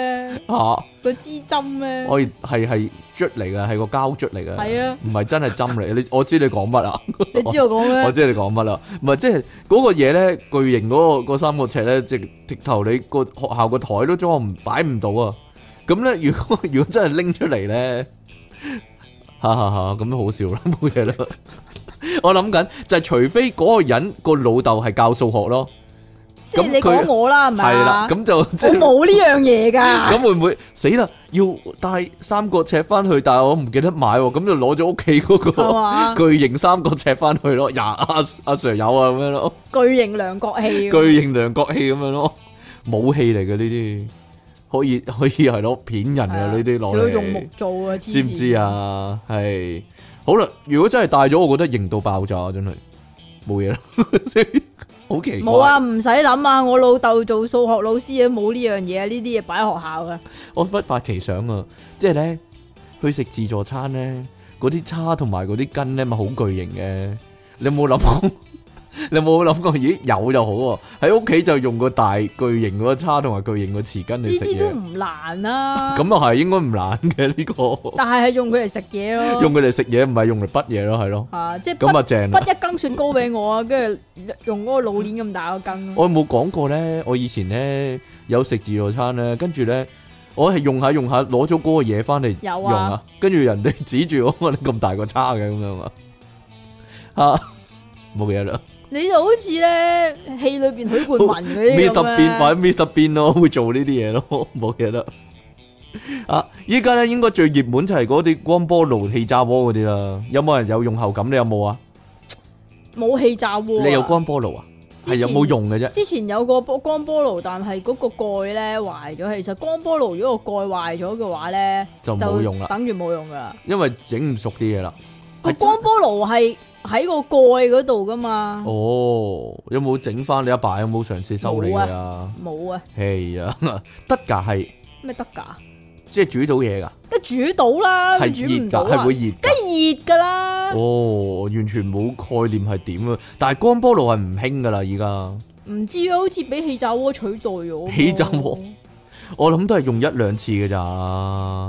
啊，吓支針咧，我係係錐嚟噶，係個膠錐嚟噶，係啊，唔係真係針嚟。你我知你講乜啊？你知我講咩？我知你講乜啦？唔係即係嗰個嘢咧，巨型嗰、嗰個三角尺咧，直直頭你個學校個台都裝唔擺唔到啊！咁咧，如果如果真係拎出嚟咧，哈哈，吓，咁都好笑啦，冇嘢啦。 我諗緊就係、是，除非嗰個人個老豆係教數學咯。即係你講我啦，係咪啊？咁就即係我冇呢樣嘢噶。咁會唔會死啦？要帶三角尺翻去，但係我唔記得買，咁就攞咗屋企嗰個巨型三角尺翻去咯。呀，阿阿 Sir 有啊咁樣咯。巨型量角器。巨型量角器咁樣咯，武器嚟嘅呢啲，可以可以係攞片人嘅呢啲攞嚟。佢用木做啊，知唔知啊？係好啦，如果真係帶咗，我覺得型到爆炸，真係冇嘢啦。好奇冇啊，唔使諗啊！我老豆做數學老師都冇呢樣嘢啊，呢啲嘢擺喺學校啊，我忽發奇想啊，即係咧，去食自助餐咧，嗰啲叉同埋嗰啲根咧，咪好巨型嘅？你有冇諗？ 你有冇諗過？咦，有就好喎！喺屋企就用個大巨型個叉同埋巨型個匙羹嚟食嘢，呢啲都唔難啊！咁又係應該唔難嘅呢個。但係係用佢嚟食嘢咯，用佢嚟食嘢唔係用嚟潷嘢咯，係咯。啊，即係咁啊，正！潷一羹雪糕俾我啊，跟住用嗰個老年咁大個羹。我有冇講過咧？我以前咧有食自助餐咧，跟住咧我係用下用下攞咗嗰個嘢翻嚟用啊，跟住人哋指住我，你咁大個叉嘅咁樣啊！吓，冇嘢啦。你就好似咧戲裏邊許冠文嗰啲咁啊，Mr. Bean，或者 Mr. Bean 咯，會做呢啲嘢咯，冇嘢啦。啊，依家咧應該最熱門就係嗰啲光波爐、氣炸鍋嗰啲啦。有冇人有用後感？你有冇啊？冇氣炸鍋。你有光波爐啊？係有冇用嘅啫？之前有個波光波爐，但係嗰個蓋咧壞咗。其實光波爐如果個蓋壞咗嘅話咧，就冇用啦，等於冇用噶啦。因為整唔熟啲嘢啦。個光波爐係。喺個蓋嗰度噶嘛？哦，有冇整翻？有冇你阿爸有冇嘗試修理啊？冇啊。係啊，得噶係咩？得噶，即係煮到嘢噶。梗係煮到啦，係熱到！係會熱。梗係熱噶啦。哦，完全冇概念係點啊！但係光波爐係唔興噶啦，而家。唔知啊，好似俾氣炸鍋取代咗。氣炸鍋。我諗都係用一兩次嘅咋，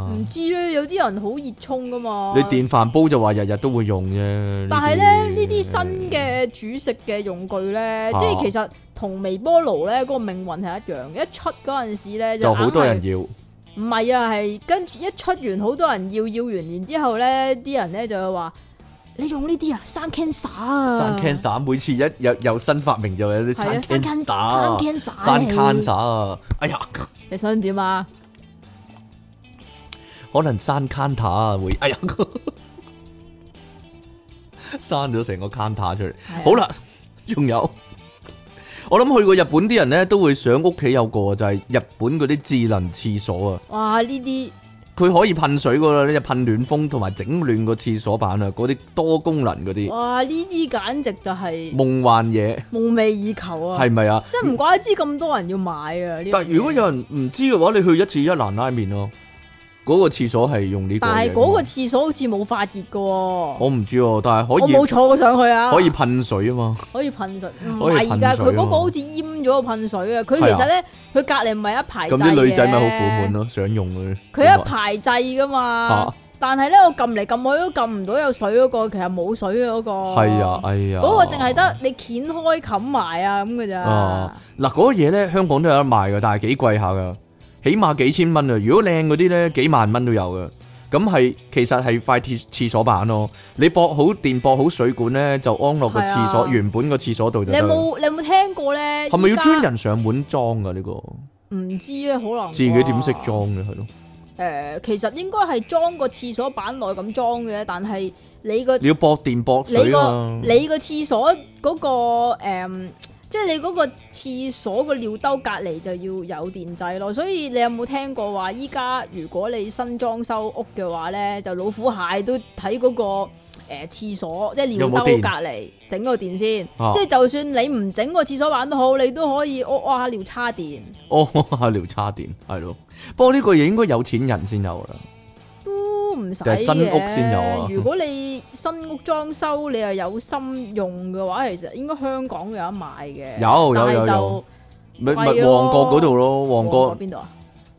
唔知咧，有啲人好熱衷噶嘛。你電飯煲就話日日都會用啫。但係咧，呢啲新嘅煮食嘅用具咧，啊、即係其實同微波爐咧嗰個命運係一樣。一出嗰陣時咧，就好多人要。唔係啊，係跟住一出完，好多人要，要完，然之後咧，啲人咧就話。你用呢啲啊？生 cancer 啊！生 cancer，每次一有有，有新發明就有啲生 cancer，生 cancer 啊，啊！哎呀，你想點啊？可能生 cancer 啊會，哎呀，生咗成個 cancer 出嚟。啊、好啦，仲有，我諗去過日本啲人咧都會想屋企有個就係、是、日本嗰啲智能廁所啊！哇，呢啲～佢可以噴水噶啦，呢隻噴暖風同埋整暖個廁所板啊！嗰啲多功能嗰啲，哇！呢啲簡直就係、是、夢幻嘢，夢寐以求啊！係咪 啊？即係唔怪得知咁多人要買啊！嗯、但係如果有人唔知嘅話，你去一次一蘭拉麵咯、啊。嗰個廁所係用呢個，但個、啊啊，但係嗰個廁所好似冇發熱噶。我唔知哦，但係可以。我冇坐過上去啊。可以噴水啊嘛。可以噴水，唔係噶，佢嗰個好似淹咗個噴水啊。佢其實咧，佢隔籬唔係一排。咁啲女仔咪好苦悶咯，想用佢。佢一排制噶嘛，啊、但係咧我撳嚟撳去都撳唔到有水嗰、嗰個，其實冇水嗰、嗰個。係啊，哎呀。嗰個淨係得你掀開冚埋啊咁噶咋。嗱、嗰個，嗰嘢咧香港都有得賣噶，但係幾貴下噶。起碼幾千蚊啊！如果靚嗰啲咧，幾萬蚊都有噶。咁係其實係塊鐵廁所板咯。你駁好電，駁好水管咧，就安落個廁所，原本個廁所度。你有冇，你有冇聽過咧？係咪要專人上門裝噶呢個？唔知啊，可能自己點識裝嘅係咯。誒，其實應該係裝個廁所板內咁裝嘅，但係你個你要駁電駁你個你個廁所嗰個誒。即係你嗰個廁所個尿兜隔籬就要有電掣咯，所以你有冇聽過話依家如果你新裝修屋嘅話呢，就老虎蟹都睇嗰、那個誒廁、呃、所即係尿兜隔籬整個電先，有有電即係就算你唔整個廁所板都好，你都可以屙屙下尿叉電 下叉電。屙下尿叉電係咯，不過呢個嘢應該有錢人先有啦。唔，新屋先有啊。如果你新屋裝修，你又有心用嘅話，其實應該香港有得賣嘅。有有有有，咪咪旺角嗰度咯，旺角邊度啊？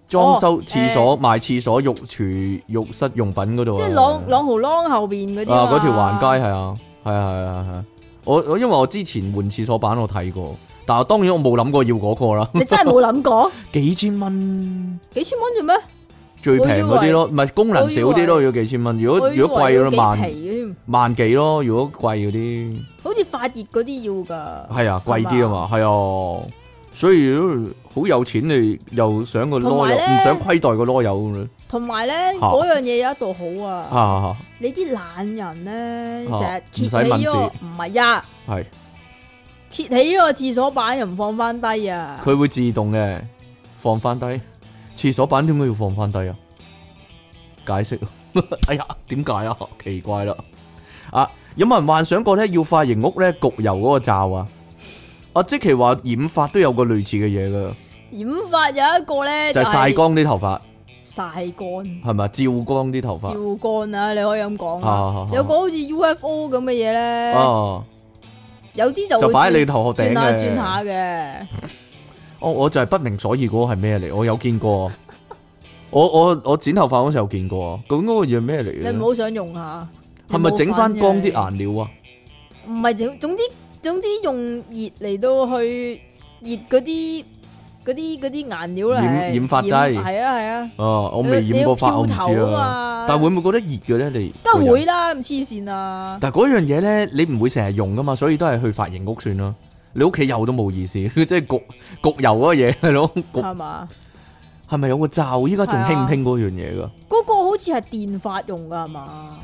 裝修廁所賣廁所浴廚浴室用品嗰度，即係朗朗豪坊後邊嗰啲啊！嗰條環街係啊係啊係啊係！我我因為我之前換廁所板，我睇過，但係當然我冇諗過要嗰個啦。你真係冇諗過？幾千蚊？幾千蚊啫咩？最平嗰啲咯，唔係功能少啲咯，要幾千蚊。如果如果貴咗萬萬幾咯，如果貴嗰啲，好似發熱嗰啲要㗎。係啊，貴啲啊嘛，係啊。所以好有錢，你又想個籮柚，唔想虧待個籮柚咁。同埋咧，嗰樣嘢有一度好啊。你啲懶人咧，成日揭起，唔係一，係揭起個廁所板又唔放翻低啊？佢會自動嘅，放翻低。廁所板點解要放翻低啊？解釋， 哎呀，點解啊？奇怪啦，啊，有冇人幻想過咧？要髮型屋咧焗油嗰個罩啊？阿積淇話染髮都有個類似嘅嘢噶，染髮有一個咧就係曬乾啲頭髮，曬乾係咪？照乾啲頭髮，照乾啊！你可以咁講、啊啊啊、有個好似 U.F.O. 咁嘅嘢咧，啊、有啲就就擺喺你頭殼頂嘅，轉下轉下嘅。 我、哦、我就係不明所以，嗰個係咩嚟？我有見過， 我我我剪頭髮嗰時候見過，咁嗰個嘢咩嚟？你唔好想用吓，係咪整翻乾啲顏料啊？唔係總總之總之用熱嚟到去熱嗰啲嗰啲嗰啲顏料嚟染髮劑，係啊係啊，啊，啊。我未染過髮，我唔知啊。但會唔會覺得熱嘅咧？你都會啦，咁黐線啊！但嗰樣嘢咧，你唔會成日用噶嘛，所以都係去髮型屋算啦。你屋企有都冇意思，即係焗焗油嗰嘢係咯。係嘛？係咪吧有個罩？依家仲興唔興嗰樣嘢噶？嗰、啊那個好似係電髮用噶係嘛？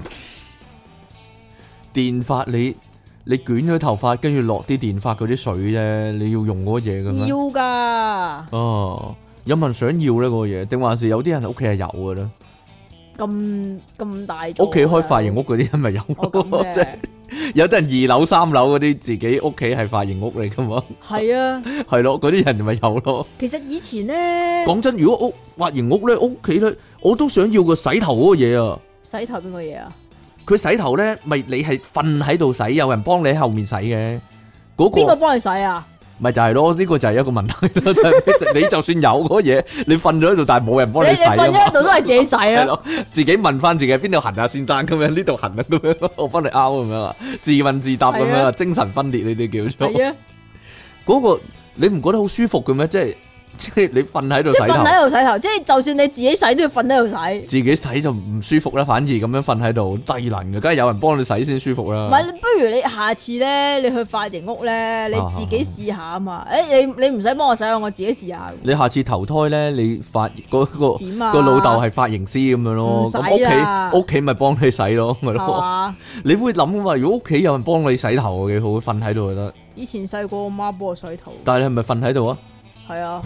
電髮你你捲咗頭髮，跟住落啲電髮嗰啲水啫，你要用嗰個嘢噶嘛？要噶的。哦、啊，有冇人想要咧？嗰、那個嘢，定還是有啲人屋企係有噶啦？咁咁大？屋企開髮型屋嗰啲人咪有咯，即 有啲人二樓、三樓嗰啲自己屋企係髮型屋嚟噶嘛？係啊，係咯， 嗰啲人咪有咯。其實以前咧，講真，如果屋髮型屋咧，屋企咧，我都想要個洗頭嗰嘢啊。洗頭邊個嘢啊？佢洗頭咧、啊，咪你係瞓喺度洗，有人幫你喺後面洗嘅嗰、嗰個。邊個幫你洗啊？咪就係咯，呢、呢個就係一個問題咯。就係、你， 你就算有嗰嘢，你瞓咗喺度，但係冇人幫你洗。瞓咗喺度都係自己洗咯、啊。係咯 自己問翻自己邊度行下先，但咁樣呢度行啊咁樣， 我翻嚟拗咁樣，自問自答咁樣， 的精神分裂你哋叫做。嗰的、嗰個你唔覺得好舒服嘅咩？即係。即係你瞓喺度洗頭，瞓喺度洗頭，即係就算你自己洗都要瞓喺度洗。自己洗就唔舒服啦，反而咁樣瞓喺度低能嘅，梗係有人幫你洗先舒服啦。唔係，不如你下次咧，你去髮型屋咧，你自己試下啊嘛。誒、啊欸，你你唔使幫我洗啦，我自己試下。你下次投胎咧，你發嗰、嗰個、啊、個老豆係髮型師咁樣咯，咁屋企屋企咪幫你洗咯，咪咯吧。 你會諗噶嘛？如果屋企有人幫你洗頭，幾好，瞓喺度就得。就以，以前細個，我媽幫我洗頭。但係你係咪瞓喺度啊？係啊。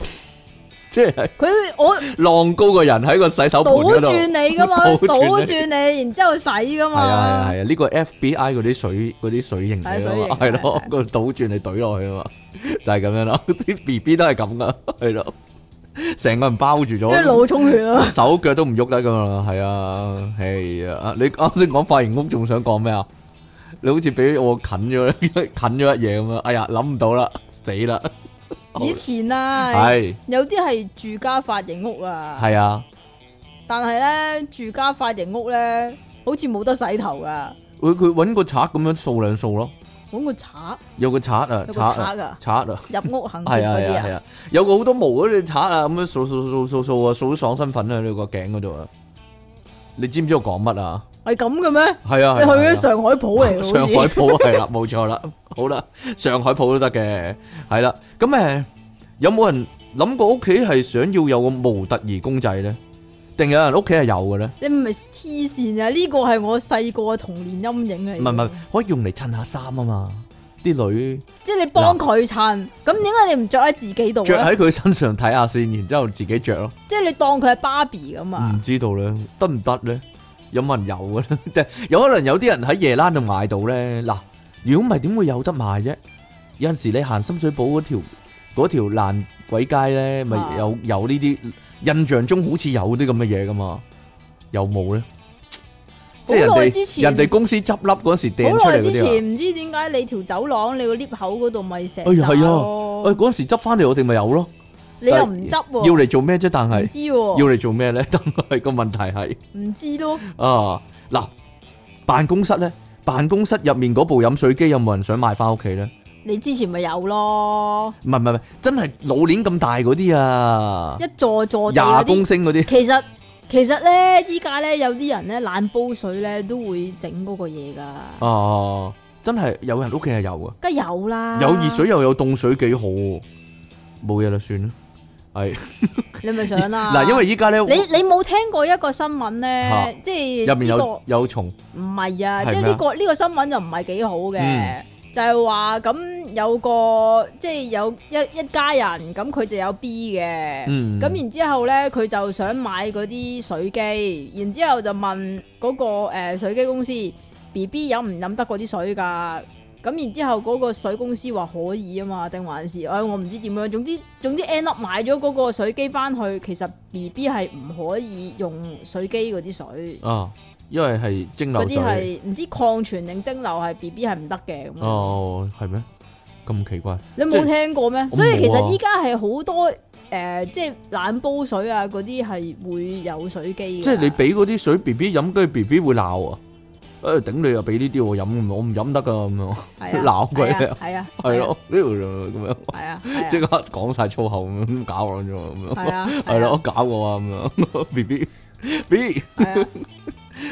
即係佢我浪高個人喺個洗手盆嗰度，堵住你噶嘛，倒住、這個、你，然之後洗噶嘛。係啊係啊呢個 FBI 嗰啲水啲水型嘢啊嘛，係咯，個堵住你懟落去啊嘛，就係、是、咁樣咯。啲 BB 是的 都係咁噶，係咯，成個人包住咗，腦充血咯， 手腳都唔喐得噶嘛。係啊，係啊！ 你啱先講髮型工，仲想講咩啊？你好似俾我近咗近咗一嘢咁啊！哎呀，諗唔到啦，死啦！以前啊，有啲係住家髮型屋啊，係啊，但係咧住家髮型屋咧，好似冇得洗頭啊。佢佢搵個賊咁樣掃兩掃咯，搵個賊，有個賊啊，賊啊，賊啊，入屋肯定啊係啊係啊，有個好多毛啊，你賊啊，咁樣掃掃掃掃掃啊，掃啲爽身粉啊，你個頸嗰度啊，你知唔知我講乜啊？係咁嘅咩？係啊，你去咗上海鋪嚟，上海鋪係啦，冇錯啦。好啦，上海鋪都得嘅，係啦。咁誒、嗯，有冇人諗過屋企係想要有個模特兒公仔咧？定有人屋企係有嘅咧？你唔係黐線啊！呢個係我細個嘅童年陰影嚟。唔係唔係，可以用嚟襯下衫啊嘛，啲女。即係你幫佢襯，咁點解你唔着喺自己度？着喺佢身上睇下先看看，然之後自己着咯。即係你當佢係芭比咁啊？唔知道咧，得唔得咧？有冇人有嘅咧？ 有可能有啲人喺夜冷度買到咧。嗱。如果唔係，點會有得賣啫？有陣時你行深水埗嗰條嗰條爛鬼街咧，咪有有，呢啲印象中好似有啲咁嘅嘢噶嘛？有冇咧？即係人哋人哋公司執笠嗰時掟出嚟嗰啲。好耐之前，唔知點解你條走廊你個 lift 口嗰度咪成？哎呀，係啊！哎，嗰時執翻嚟我哋咪有咯。你又唔執？要嚟做咩啫？但係唔知要嚟做咩咧？但係個問題係唔知咯。啊，嗱，辦公室咧。辦公室入面嗰部飲水機有冇人想買翻屋企咧？你之前咪有咯？唔係唔係唔係，真係老年咁大嗰啲啊！一座座廿公升嗰啲，其實其實咧依家咧有啲人咧懶煲水咧都會整嗰個嘢噶。哦、啊，真係有人屋企係有啊？梗有啦，有熱水又有凍水，幾好、啊，冇嘢啦，算啦。係，你咪想啦？嗱，因為依家咧，你你冇聽過一個新聞咧，即係入面有有蟲，唔係啊，即係呢個呢個新聞就唔係幾好嘅，就係話咁有個即係有一一家人咁佢就有 B 嘅，咁、嗯、然之後咧佢就想買嗰啲水機，然之後就問嗰個誒水機公司 B B 飲唔飲得嗰啲水㗎？咁然之後嗰個水公司話可以啊嘛，定還是？哎，我唔知點樣。總之總之，End Up 買咗嗰個水機返去，其實 B B 係唔可以用水機嗰啲水啊，因為係蒸餾。嗰啲係唔知礦泉定蒸餾，係 B B 係唔得嘅。哦，係咩？咁奇怪，你冇沒 即聽過咩？那麼 所以其實依家係好多誒、呃，即係冷煲水啊嗰啲係會有水機。即係你俾嗰啲水 B B 飲，跟住 B B 會鬧啊！誒，頂你又俾呢啲我飲，我唔飲得噶咁樣，鬧鬼啊，係啊，係咯，丟咁樣，係啊，即刻講晒粗口咁搞我咁樣，係啊，係咯，搞我啊咁樣，B B B，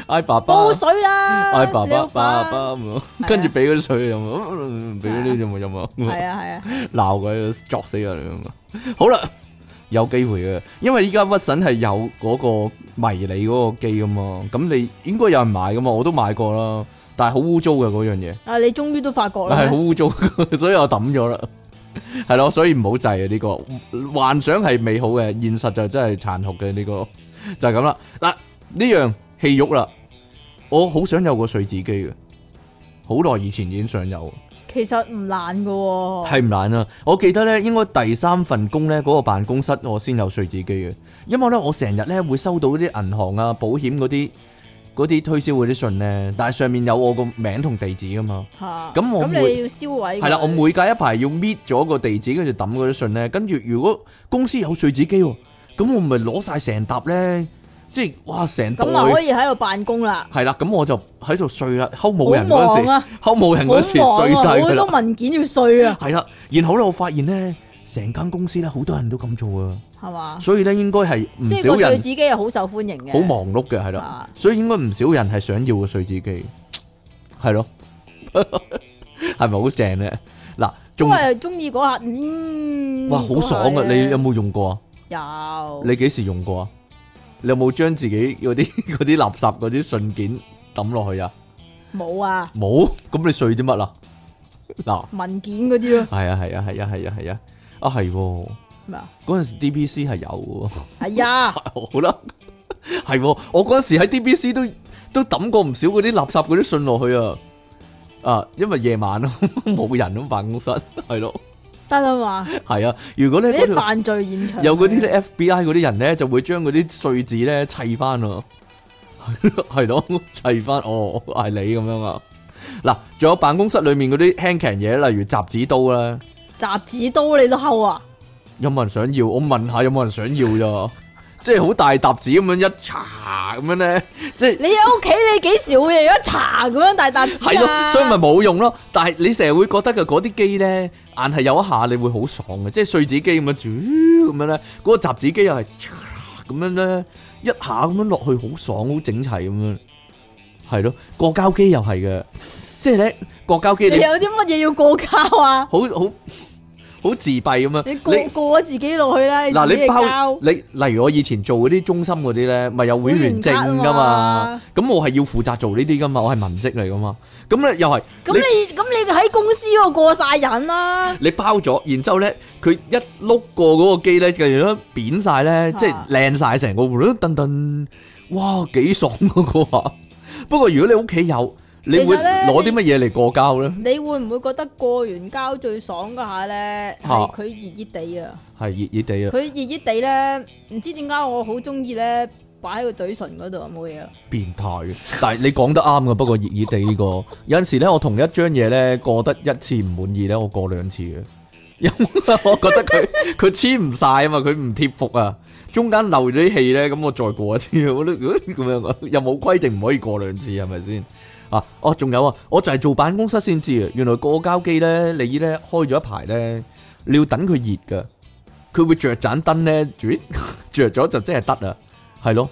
嗌爸爸，煲水啦，嗌爸爸爸爸咁樣，跟住俾嗰啲水飲，俾嗰啲就冇飲啊，係啊係啊，鬧鬼作死啊你咁樣，好啦。有機會嘅，因為依家屈臣氏有嗰個迷你嗰個機㗎嘛，咁你應該有人買噶嘛，我都買過啦，但係好污糟嘅嗰樣嘢。啊！你終於都發覺啦。係好污糟，所以我抌咗啦。係咯，所以唔好制啊！呢個幻想係美好嘅，現實就真係殘酷嘅。呢個就係咁啦。嗱，呢樣戲肉啦，我好想有個碎紙機嘅，好耐以前已經想有。其實唔難嘅喎，係唔難啊！我記得咧，應該第三份工咧嗰個辦公室我先有碎紙機嘅，因為咧我成日咧會收到啲銀行啊、保險嗰啲嗰啲推銷嗰啲信咧，但係上面有我個名同地址嘅嘛。嚇！咁我咁你要銷毀佢？係啦，我每隔一排要搣咗個地址，跟住抌嗰啲信咧。跟住如果公司有碎紙機，咁我咪攞曬成沓咧。即係哇！成棟可以喺度辦公啦，係啦，咁我就喺度碎啦，後冇人嗰時，啊、後冇人嗰時碎晒啦，好、啊、多文件要碎啊。係啦，然後咧，我發現咧，成間公司咧，好多人都咁做啊，係嘛吧？所以咧，應該係唔少人。即係碎紙機又好受歡迎嘅，好忙碌嘅係咯，的所以應該唔少人係想要個碎紙機，係咯，係咪好正咧？嗱，中都係中意嗰下，嗯、哇，好爽啊！是你有冇用過啊？有，你幾時用過啊？你有冇將自己嗰啲啲垃圾嗰啲信件抌落去啊？冇 啊！冇，咁你碎啲乜啊？嗱，文件嗰啲咯。係啊係啊係啊係啊係啊，啊係，咩嗰陣時 DBC 係有。係啊。好啦、啊，係、啊啊啊啊 啊，我嗰陣時喺 DBC 都都抌過唔少嗰啲垃圾嗰啲信落去啊， 啊，因為夜晚咯，冇 人咁辦公室，係咯、啊。得啦嘛！係啊，如果呢你嗰啲犯罪現場有嗰啲 FBI 嗰啲人咧， 就會將嗰啲碎紙咧砌翻喎。係咯，係咯，砌翻 哦，係你咁樣啊！嗱，仲有辦公室裏面嗰啲輕強嘢，例如雜紙刀啦，雜紙刀你都收啊！有冇人想要？我問下有冇人想要咋？ 即係好大沓紙咁樣一查咁樣咧，即係你喺屋企你幾時會有一查咁樣大沓紙啊？係咯，所以咪冇用咯。但係你成日會覺得嘅嗰啲機咧，硬係有一下你會好爽嘅，即係碎紙機咁樣，咁樣咧，嗰、嗰個雜紙機又係咁樣咧，一下咁樣落去好爽，好整齊咁樣。係咯，過膠機又係嘅，即係咧過膠機你，你有啲乜嘢要過膠啊？好好。好自閉咁樣！你過過咗自己落去啦。嗱，你包你，例如我以前做嗰啲中心嗰啲咧，咪、就是、有會員證噶嘛？咁我係要負責做呢啲噶嘛？我係文職嚟噶嘛？咁咧又係。咁你咁你喺公司嗰度過曬人啦、啊。你包咗，然之後咧，佢一碌過嗰個機咧，就變晒咧，即係靚晒成個胡亂噔噔，哇幾爽嗰、啊、個！ 不過如果你屋企有。你會攞啲乜嘢嚟過膠咧？你會唔會覺得過完膠最爽嗰下咧？係佢熱熱地啊！係熱熱地啊！佢熱熱地咧，唔知點解我好中意咧，擺喺個嘴唇嗰度啊！冇嘢啊！變態嘅，但係你講得啱嘅。不過熱熱地呢個有陣時咧，我同一張嘢咧過得一次唔滿意咧，我過兩次嘅，因為我覺得佢佢黐唔曬啊嘛，佢唔貼服啊，中間漏咗啲氣咧，咁我再過一次，我都咁樣講，又冇規定唔可以過兩次係咪先？啊哦，仲有啊，我就係做辦公室先知啊，原來過膠機咧，你咧開咗一排咧，你要等佢熱噶，佢會着盞燈咧轉，着咗就真係得啊，係咯，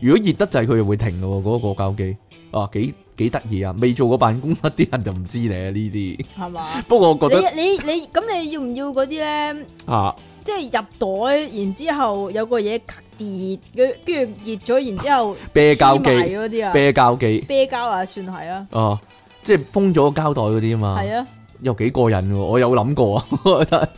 如果熱得滯佢就會停噶，嗰個過膠機，啊幾幾得意啊，未做過辦公室啲人就唔知你啊呢啲，係嘛？不過我覺得你你你咁你要唔要嗰啲咧？啊。即係入袋，然之後有個嘢隔電，跟跟住熱咗，然之後。啤膠機嗰啲啊，啤膠機。啤膠，呃呃、啊，算係啊，哦，即係封咗膠袋嗰啲啊嘛。係啊，又幾過癮喎！我有諗過啊，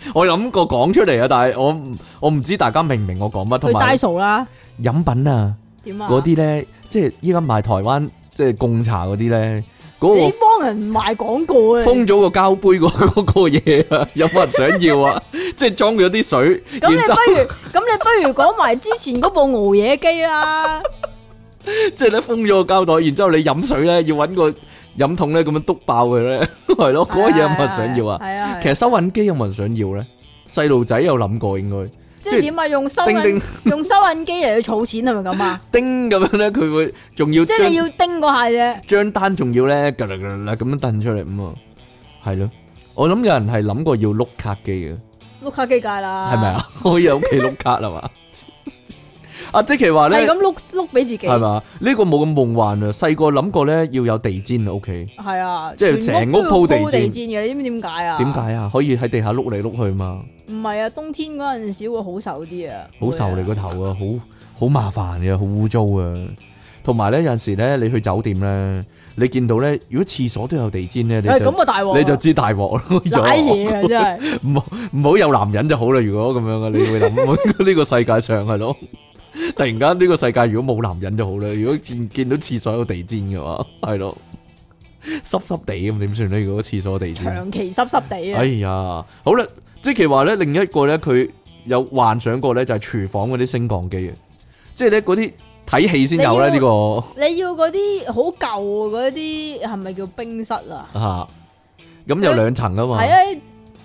我諗過講出嚟啊，但係我我唔知大家明唔明我講乜，同埋。啦。飲品啊。點啊？嗰啲咧，即係依家賣台灣即係貢茶嗰啲咧。嗯地方人唔賣廣告嘅，封咗個膠杯嗰個嘢啊，有冇人想要啊？即係裝咗啲水，咁你不如咁你不如講埋之前嗰部熬夜機啦。即係咧封咗個膠袋，然之後你飲水咧要搵個飲桶咧咁樣篤爆佢咧，係咯？嗰個嘢有冇人想要啊？係啊。其實收銀機有冇人想要咧？細路仔有諗過應該。即係點啊？用收銀用收銀機嚟去儲錢係咪咁啊？叮咁樣咧，佢會仲要，即係你要叮嗰下啫，張單仲要咧，咁樣掟出嚟咁啊，係咯？我諗有人係諗過要碌卡機嘅，碌卡機界啦，係咪啊？可以有屋企碌卡啦嘛？阿積淇話咧係咁碌碌俾自己係嘛？呢、這個冇咁夢幻啊！細個諗過咧要有地氈啊屋企，係、OK? 啊，即係成屋鋪地地氈嘅，你知唔知點解啊？點解啊？可以喺地下碌嚟碌去嘛？唔係啊，冬天嗰陣時會好受啲啊！好受你個頭啊，好好麻煩嘅，好污糟啊！同埋咧，有陣時咧，你去酒店咧，你見到咧，如果廁所都有地氈咧，係咁啊大鑊，你就，就，你就知大鑊啦！嘢真係唔好唔好有男人就好啦！如果咁樣嘅，你會諗呢個世界上係咯？ 突然間呢個世界如果冇男人就好啦，如果見見到廁所有地氈嘅話，係咯濕濕地咁點算咧？如果廁所有地氈長期濕濕地啊，哎呀，好啦，即係話咧，另一個咧，佢有幻想過咧，就係廚房嗰啲升降機嘅，即係咧嗰啲睇戲先有咧呢要、呢個，你要嗰啲好舊嗰啲係咪叫冰室啊？吓、啊，咁有兩層啊嘛，係啊，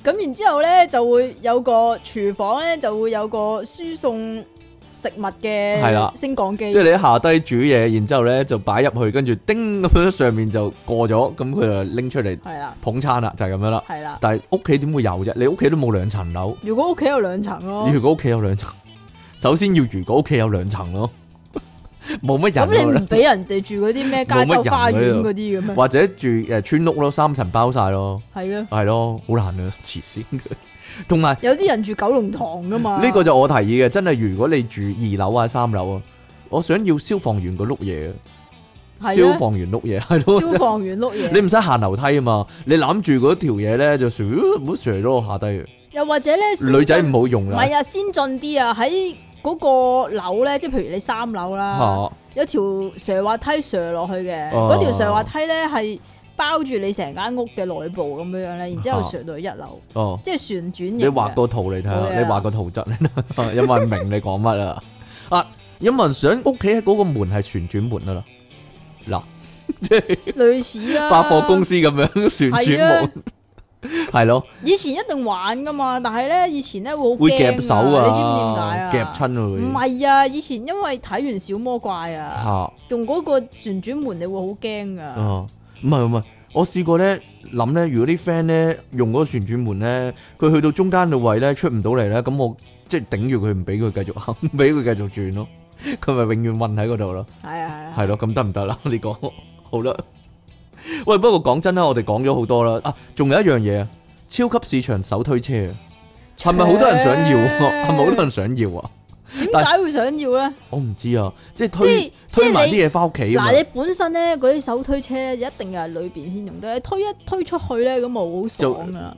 咁然之後咧就會有個廚房咧就會有個輸送。食物嘅升降機，即係你一下低煮嘢，然之後咧就擺入去，跟住叮咁樣上面就過咗，咁佢就拎出嚟，係啦，捧餐啦，就係、是、咁樣啦，係啦。但係屋企點會有啫？你屋企都冇兩層樓。如果屋企有兩層咯，你如果屋企有兩層，首先要如果屋企有兩層咯，冇 乜人、啊。咁你唔俾人哋住嗰啲咩加州花園嗰啲嘅咩？裡或者住誒村屋咯，三層包晒咯，係咯的，係咯，好難啊，痴線。同埋有啲人住九龍塘㗎嘛。呢個就我提議嘅，真係如果你住二樓啊、三樓啊，我想要消防員個碌嘢。的消防員碌嘢，係咯的，消防員碌嘢，你唔使行樓梯啊嘛，你攬住嗰條嘢咧就蛇，冇蛇都下低。又或者咧，女仔唔好用啦。唔係啊，先進啲啊，喺嗰個樓咧，即係譬如你三樓啦，啊、有條蛇滑梯蛇落去嘅，嗰條蛇滑梯咧係。包住你成間屋嘅內部咁樣樣咧，然之後上到一樓，哦，即係旋轉，你畫個圖嚟睇下，你畫個圖質，有冇人明你講乜啊？啊，有冇人想屋企嗰個門係旋轉門啊啦，嗱，即係類似啊，百貨公司咁樣旋轉門，係咯。以前一定玩噶嘛，但係咧以前咧會夾手啊，你知唔知點解啊？夾親唔係啊？以前因為睇完小魔怪啊，用嗰個旋轉門你會好驚噶。唔係唔係，我試過咧諗咧，如果啲 friend 咧用嗰個旋轉門咧，佢去到中間嘅位咧出唔到嚟咧，咁我即係頂住佢唔俾佢繼續行，唔俾佢繼續轉咯，佢咪永遠困喺嗰度咯。係啊係啊，係咯，咁得唔得啦？你講好啦。喂，不過講真啦，我哋講咗好多啦，啊，仲有一樣嘢啊，超級市場手推車係咪好多人想要？係咪好多人想要啊？點解會想要咧？我唔知啊，即係推推埋啲嘢翻屋企。嗱，你本身咧嗰啲手推車咧就一定要係裏邊先用得，你推一推出去咧咁冇好爽啊！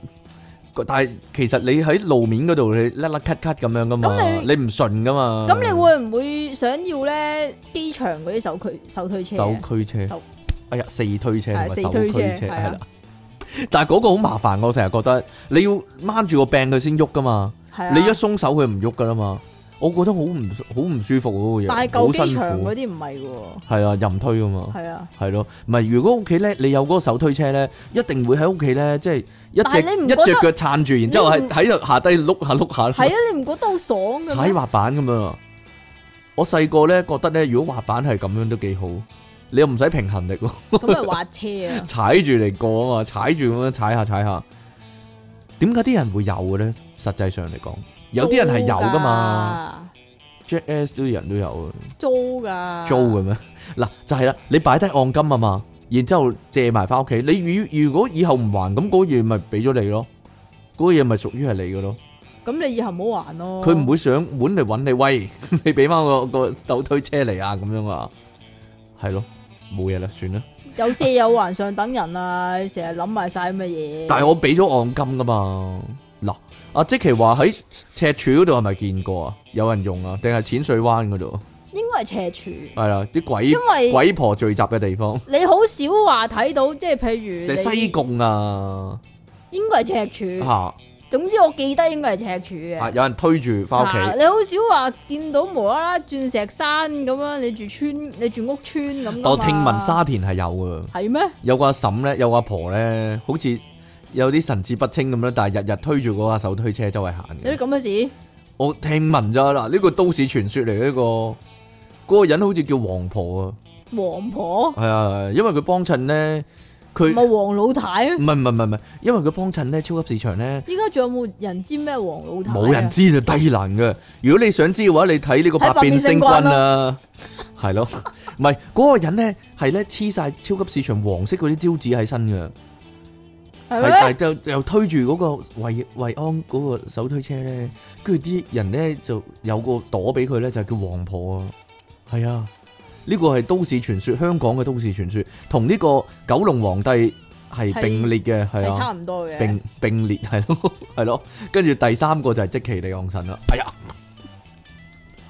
但係其實你喺路面嗰度你甩甩咳咳咁樣噶嘛，你你唔順噶嘛？咁你會唔會想要咧機場嗰啲手推手推車？手推車，哎呀，四推車唔係手推車，係啦。但係嗰個好麻煩，我成日覺得你要掹住個柄佢先喐噶嘛，你一鬆手佢唔喐噶啦嘛。我覺得好唔好唔舒服嗰個嘢，好辛苦。嗰啲唔係嘅喎。係啊，任推啊嘛。係啊。係咯，唔係如果屋企咧，你有嗰個手推車咧，一定會喺屋企咧，即係一隻一隻腳撐住，然之後係喺度下低碌下碌下。係啊，你唔覺得好爽？踩滑板咁啊！我細個咧覺得咧，如果滑板係咁樣都幾好，你又唔使平衡力喎。咁咪滑車啊！踩住嚟過啊嘛，踩住咁樣踩下踩下。點解啲人會有嘅咧？實際上嚟講。有啲人係有噶嘛，j s 的 s 啲人都有啊，的租噶，租嘅咩？嗱就係啦，你擺低按金啊嘛，然之後借埋翻屋企，你如如果以後唔還，咁嗰樣咪俾咗你咯，嗰個嘢咪屬於係你嘅咯。咁你以後唔好還咯。佢唔會上門嚟揾你，喂，你俾翻個個手推車嚟啊咁樣啊，係咯，冇嘢啦，算啦。 有借有還，上等人啊，成日諗埋晒咁嘅嘢。但係我俾咗按金㗎嘛。嗱，阿積淇話喺赤柱嗰度係咪見過啊？有人用啊？定係淺水灣嗰度？應該係赤柱。係啦，啲鬼因為鬼婆聚集嘅地方。你好少話睇到，即係譬如西貢啊，應該係赤柱。吓、啊，總之我記得應該係赤柱啊。有人推住翻屋企。你好少話見到無啦啦鑽石山咁樣，你住村，你住屋村咁樣。但我聽聞沙田係有嘅。係咩嗎？有個阿嬸咧，有個阿婆咧，好似。有啲神志不清咁樣，但係日日推住嗰架手推車周圍行嘅。有啲咁嘅事？我聽聞咗啦，呢、這個都市傳說嚟嘅一個，嗰、那個人好似叫黃婆啊。黃婆係啊，因為佢幫襯咧，佢唔係黃老太啊，唔係唔係唔係，因為佢幫襯咧，超級市場咧。依家仲有冇人知咩黃老太？冇人知就低能嘅。如果你想知嘅話，你睇呢個百變星君啊，係咯、啊，唔係嗰個人咧，係咧黐晒超級市場黃色嗰啲招紙喺身嘅。係，但又，又推住嗰個維維安嗰個手推車咧，跟住啲人咧就有個朵俾佢咧，就係、是、叫黃婆啊。係啊，呢個係都市傳說，香港嘅都市傳說，同呢個九龍皇帝係並列嘅，係啊，差唔多嘅，並並列係咯，係咯、啊。跟住、啊、第三個就係積淇離岸神啦。哎呀、啊，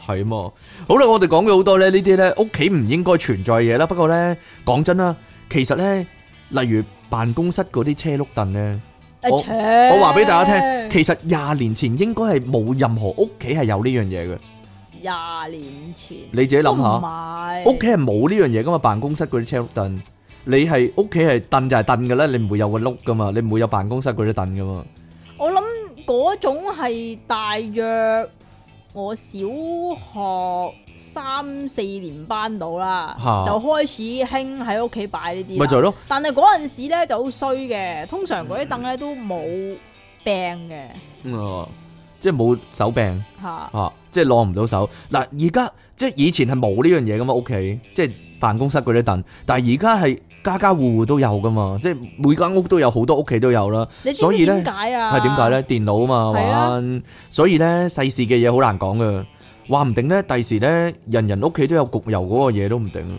係啊，好啦，我哋講咗好多咧，呢啲咧屋企唔應該存在嘢啦。不過咧，講真啦，其實咧，例如。辦公室嗰啲車轆凳咧，我我話俾大家聽，其實廿年前應該係冇任何屋企係有呢樣嘢嘅。廿年前你自己諗下，屋企係冇呢樣嘢噶嘛？辦公室嗰啲車轆凳，你係屋企係凳就係凳噶啦，你唔會有個轆噶嘛？你唔會有辦公室嗰啲凳噶嘛？我諗嗰種係大約我小學。三四年班到啦，啊、就開始興喺屋企擺呢啲。咪就係咯。但係嗰陣時咧就好衰嘅，通常嗰啲凳咧都冇病嘅、嗯，即係冇手柄，吓吓、啊啊，即係攞唔到手。嗱，而家即係以前係冇呢樣嘢噶嘛，屋企即係辦公室嗰啲凳，但係而家係家家戶戶都有噶嘛，即係每間屋都有，好多屋企都有啦。你知知，所以咧，係點解咧？電腦啊嘛，玩啊，所以咧，世事嘅嘢好難講噶。話唔定咧，第時咧，人人屋企都有焗油嗰個嘢，都唔定，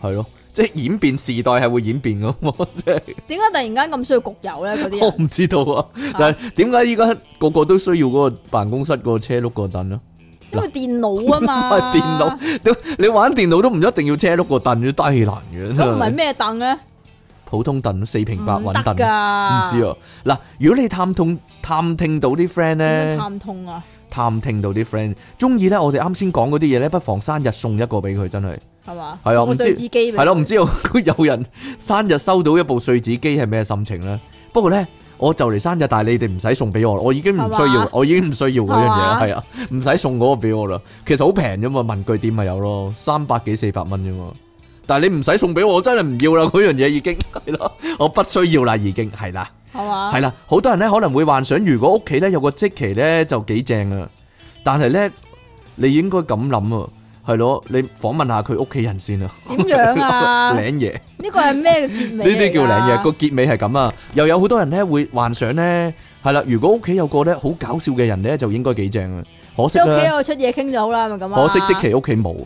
係咯，即係演變時代係會演變噶，即係。點解突然間咁需要焗油咧？嗰啲我唔知道啊，但係點解依家個個都需要嗰個辦公室個車碌個凳咧？因為電腦啊嘛，電腦，你玩電腦都唔一定要車碌個凳，低欄嘅。咁唔係咩凳咧？普通凳四平八穩凳，唔知啊。嗱，如果你探通探聽到啲 friend 咧，探通啊，探聽到啲 friend 中意咧，我哋啱先講嗰啲嘢咧，不妨生日送一個俾佢，真係係嘛？係啊，碎紙機，唔知，係咯，唔知道有人生日收到一部碎紙機係咩心情咧？不過咧，我就嚟生日，但係你哋唔使送俾我，我已經唔需要，我已經唔需要嗰樣嘢，係啊，唔使送嗰個俾我啦。其實好平啫嘛，文具店咪有咯，三百幾四百蚊啫嘛。但係你唔使送俾我，我真係唔要啦。嗰樣嘢已經係咯，我不需要啦，已經係啦，係啦。好多人咧可能會幻想，如果屋企咧有個積淇咧就幾正啊。但係咧你應該咁諗啊，係咯，你訪問下佢屋企人先啊。點樣啊？靚爺，呢個係咩嘅結尾？呢啲叫靚爺，個結尾係咁啊。又有好多人咧會幻想咧，係啦，如果屋企有個咧好搞笑嘅人咧就應該幾正啊。可惜咧，屋企有個出嘢傾就好啦，咪咁啊。可惜積淇屋企冇，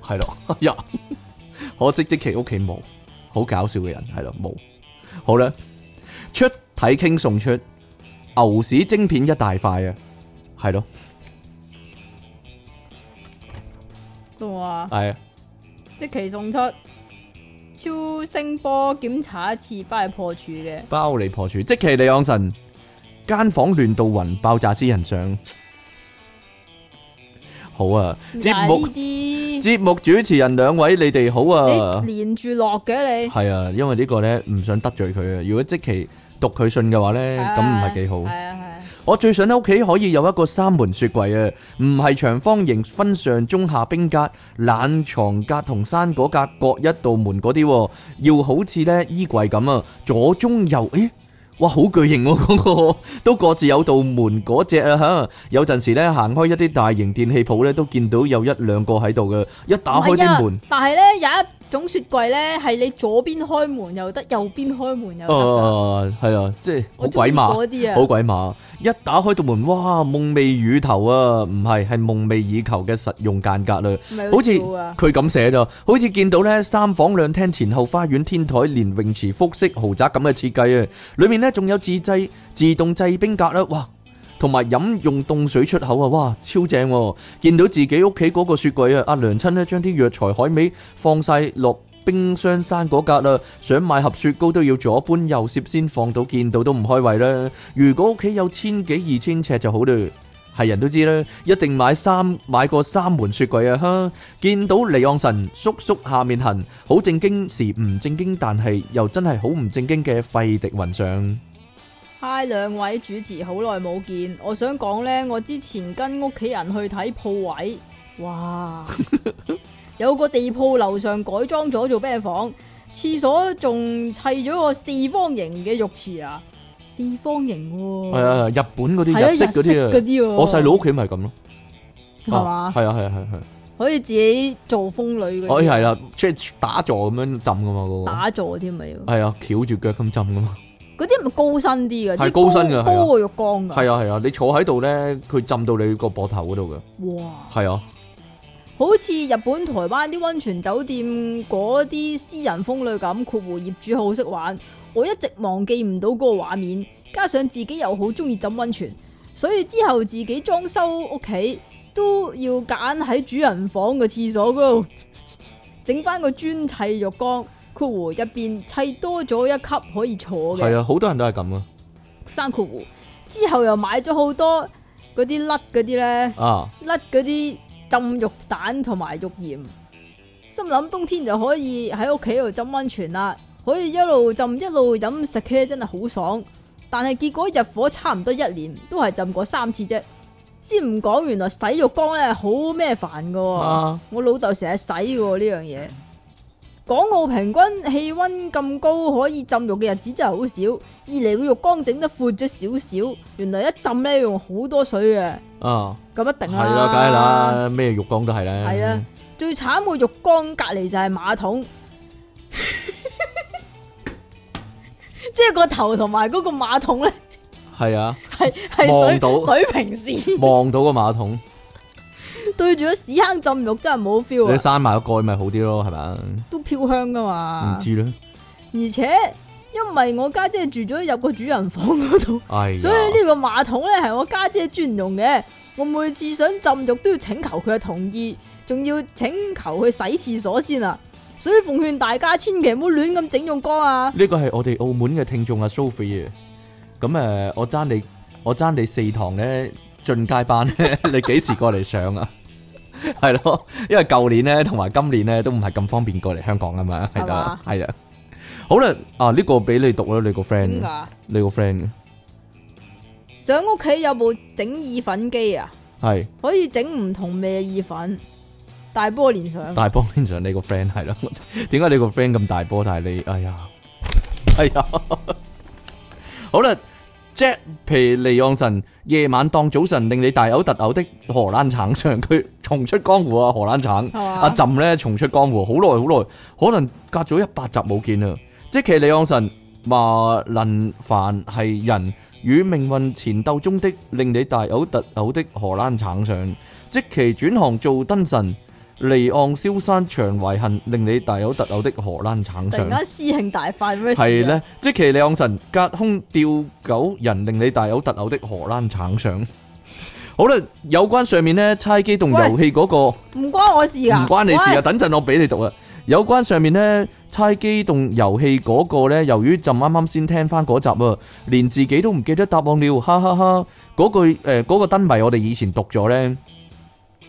係咯，呀。可惜積淇屋企冇，好搞笑嘅人係咯冇。好啦，出體 king 送出牛屎晶片一大塊啊，係咯。做啊！係啊的！積淇送出超聲波檢查一次，包你破處嘅，包你破處。積淇離岸神，間房亂到雲，爆炸私人相。好啊！節目節些目主持人兩位，你哋好啊！連住落嘅你係啊，因為呢個呢唔想得罪佢啊。如果即期讀佢信嘅話呢，咁唔係幾好。啊啊、我最想喺屋企可以有一個三門雪櫃啊，唔係長方形，分上中下冰格、冷藏格同山果格，格各一道門嗰啲，要好似呢衣櫃咁啊，左中右誒。哇，好巨型嗰、啊嗰個都各自有道門嗰隻啊嚇！有陣時咧行開一啲大型電器鋪咧，都見到有一兩個喺度嘅，一打開啲門。啊、但係咧有一。種雪櫃呢係你左邊開門又得，右邊開門又得。係啊，啊，即係好鬼馬啲，好鬼馬！一打開到門，哇，夢寐以求啊，唔係，係夢寐以求嘅實用間隔啦，好似佢咁寫咋，好似見到呢三房兩廳前後花園天台連泳池複式豪宅咁嘅設計啊！裏面呢，仲有自製自動製冰格啦，哇！同埋飲用凍水出口啊！哇，超正喎！見到自己屋企嗰個雪櫃啊，阿娘親咧將啲藥材海味放晒落冰箱山嗰格啦，想買盒雪糕都要左搬右攝先放到，見到都唔開胃啦。如果屋企有千幾二千尺就好啦，係人都知啦，一定買三買個三門雪櫃啊！哈，見到離岸神叔叔下面痕，好正經時唔正經但，但係又真係好唔正經嘅廢迪雲上。挨，兩位主持好耐冇見，我想講咧，我之前跟屋企人去睇鋪位，哇，有個地鋪樓上改裝咗做咩房，廁所仲砌咗個四方形嘅浴池啊，四方形喎，係啊，日本嗰啲日式嗰啲啊，我細佬屋企咪咁咯，係嘛，係啊，係啊，係啊，可以自己做風呂嘅可以係啦，即係打坐咁樣浸噶嘛，打坐添咪要，係啊，翹住腳咁浸噶嘛。那個嗰啲咪高身啲嘅，即係的高身嘅，高個浴缸。係啊係啊，你坐喺度咧，佢浸到你個膊頭嗰度嘅。哇！係啊的，好似日本台灣啲溫泉酒店嗰啲私人房裏咁，括弧業主好識玩，我一直忘記唔到嗰個畫面。加上自己又好中意浸溫泉，所以之後自己裝修屋企都要揀喺主人房嘅廁所嗰度整翻個磚砌浴缸。庫弧入邊砌多咗一級可以坐嘅。係啊，好多人都係咁啊。生庫弧之後又買咗好多嗰啲甩嗰啲咧，啊甩嗰啲浸浴蛋同埋浴鹽，心諗，冬天就可以喺屋企度浸溫泉啦，可以一路浸一路飲食嘢，真係好爽。但係結果入伙差唔多一年都係浸過三次啫。先唔講原來洗浴缸咧好咩煩噶啊、我老豆成日洗噶呢樣嘢。港澳平均氣溫咁高，可以浸浴嘅日子真係好少。二嚟，個浴缸整得闊咗少少，原來一浸咧用好多水嘅。哦、啊，咁一定係啦，係啦，梗係啦，咩浴缸都係啦。係啊，最慘個浴缸隔籬就係馬桶，即係個頭同埋嗰個馬桶咧。係啊，係係水到水平時，望到個馬桶。對住咗屎坑浸浴真係冇 feel。你閂埋個蓋咪好啲咯，係咪？都飄香噶嘛？唔知啦。而且，因為我家姐，姐住咗入個主人房嗰度，哎、呀所以呢個馬桶咧係我家姐專用嘅。我每次想浸浴都要請求佢嘅同意，仲要請求佢洗廁所先啊！所以奉勸大家千祈唔好亂咁整用歌啊！呢個係我哋澳門嘅聽眾啊，Sophie 啊，咁誒，我爭你，我爭你四堂咧進階班， 你幾時過嚟上啊？ 係咯， 因為舊年咧，同埋今年咧，都唔係咁方便過嚟香港啊嘛，係咯吧，係是的 啊。好啦，啊呢個俾你讀啦，你個 friend，你個 friend。上屋企有部整意粉機啊，係是可以整唔同咩意粉，大波聯上，大波聯上，你個 friend 係咯？點解 你個 friend 咁大波？但係你，哎呀，哎呀， 好啦。積淇離岸神夜晚當早晨，令你大嘔特嘔的荷蘭橙上佢重出江湖啊！荷蘭橙 阿朕呢重出江湖，好耐好耐，可能隔咗一百集冇見啊！ 積淇離岸神話林凡係人與命運前鬥中的令你大嘔特嘔的荷蘭橙上，積淇轉行做燈神。離岸蕭山長遺恨，令你大有特有的荷蘭橙相。突然間詩興大發咩事、啊？係咧，積淇離岸神隔空吊狗人，令你大有特有啲荷蘭橙相。 好啦，有關上面呢，猜機動遊戲嗰個唔喂關我事啊，唔關你事啊，喂等陣我俾你讀啊。有關上面呢，猜機動遊戲嗰個呢，由於就啱啱先聽翻嗰集啊，連自己都唔記得答案了，哈哈哈。嗰句誒嗰、呃那個燈謎我哋以前讀咗呢。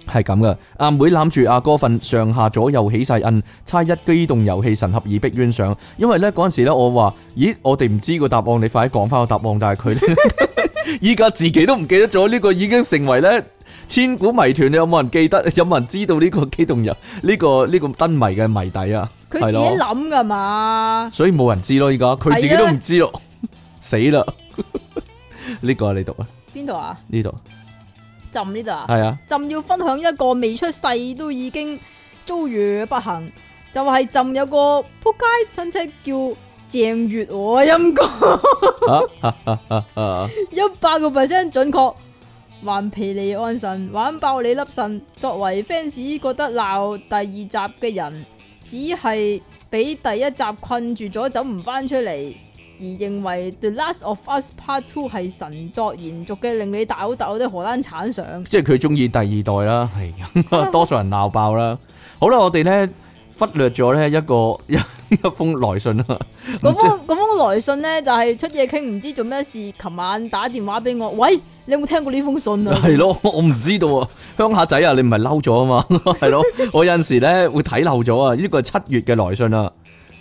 係咁嘅，阿妹攬住阿哥瞓，上下左右起晒摁，差一機動遊戲神俠耳逼冤上。因為咧嗰陣時咧，我話咦，我哋唔知個答案，你快啲講翻個答案。但係佢咧依家自己都唔記得咗，呢、這個已經成為咧千古謎團。你有冇人記得？有冇人知道呢個機動人呢、這個呢、這個燈謎嘅謎底啊？佢自己諗噶嘛？ 所以冇人知咯，依家佢自己都唔知咯，的 死啦了！呢 個、啊、你讀啊？邊度啊？呢度。朕呢度啊，朕要分享一個未出世都已經遭遇不幸，就係朕有個仆街親戚叫鄭月和音哥樂，一百個 percent 準確，玩皮你安神，玩爆你粒腎。作為 fans 覺得鬧第二集嘅人，只係俾第一集困住咗，走唔翻出嚟。而認為《The Last of Us Part Two》係神作延續嘅，令你大口大口啲荷蘭產相，即係佢中意第二代啦，係 多數人鬧爆啦。好啦，我哋咧忽略咗咧一個一 一封來信啊！嗰封嗰封來信咧就係、是、出體 king，唔知做咩事。琴晚打電話俾我，喂，你有冇聽過呢封信啊？係咯，我唔知道啊，鄉下仔啊，你唔係嬲咗啊嘛？係咯，我有時咧會睇漏咗啊，呢個係七月嘅來信啊。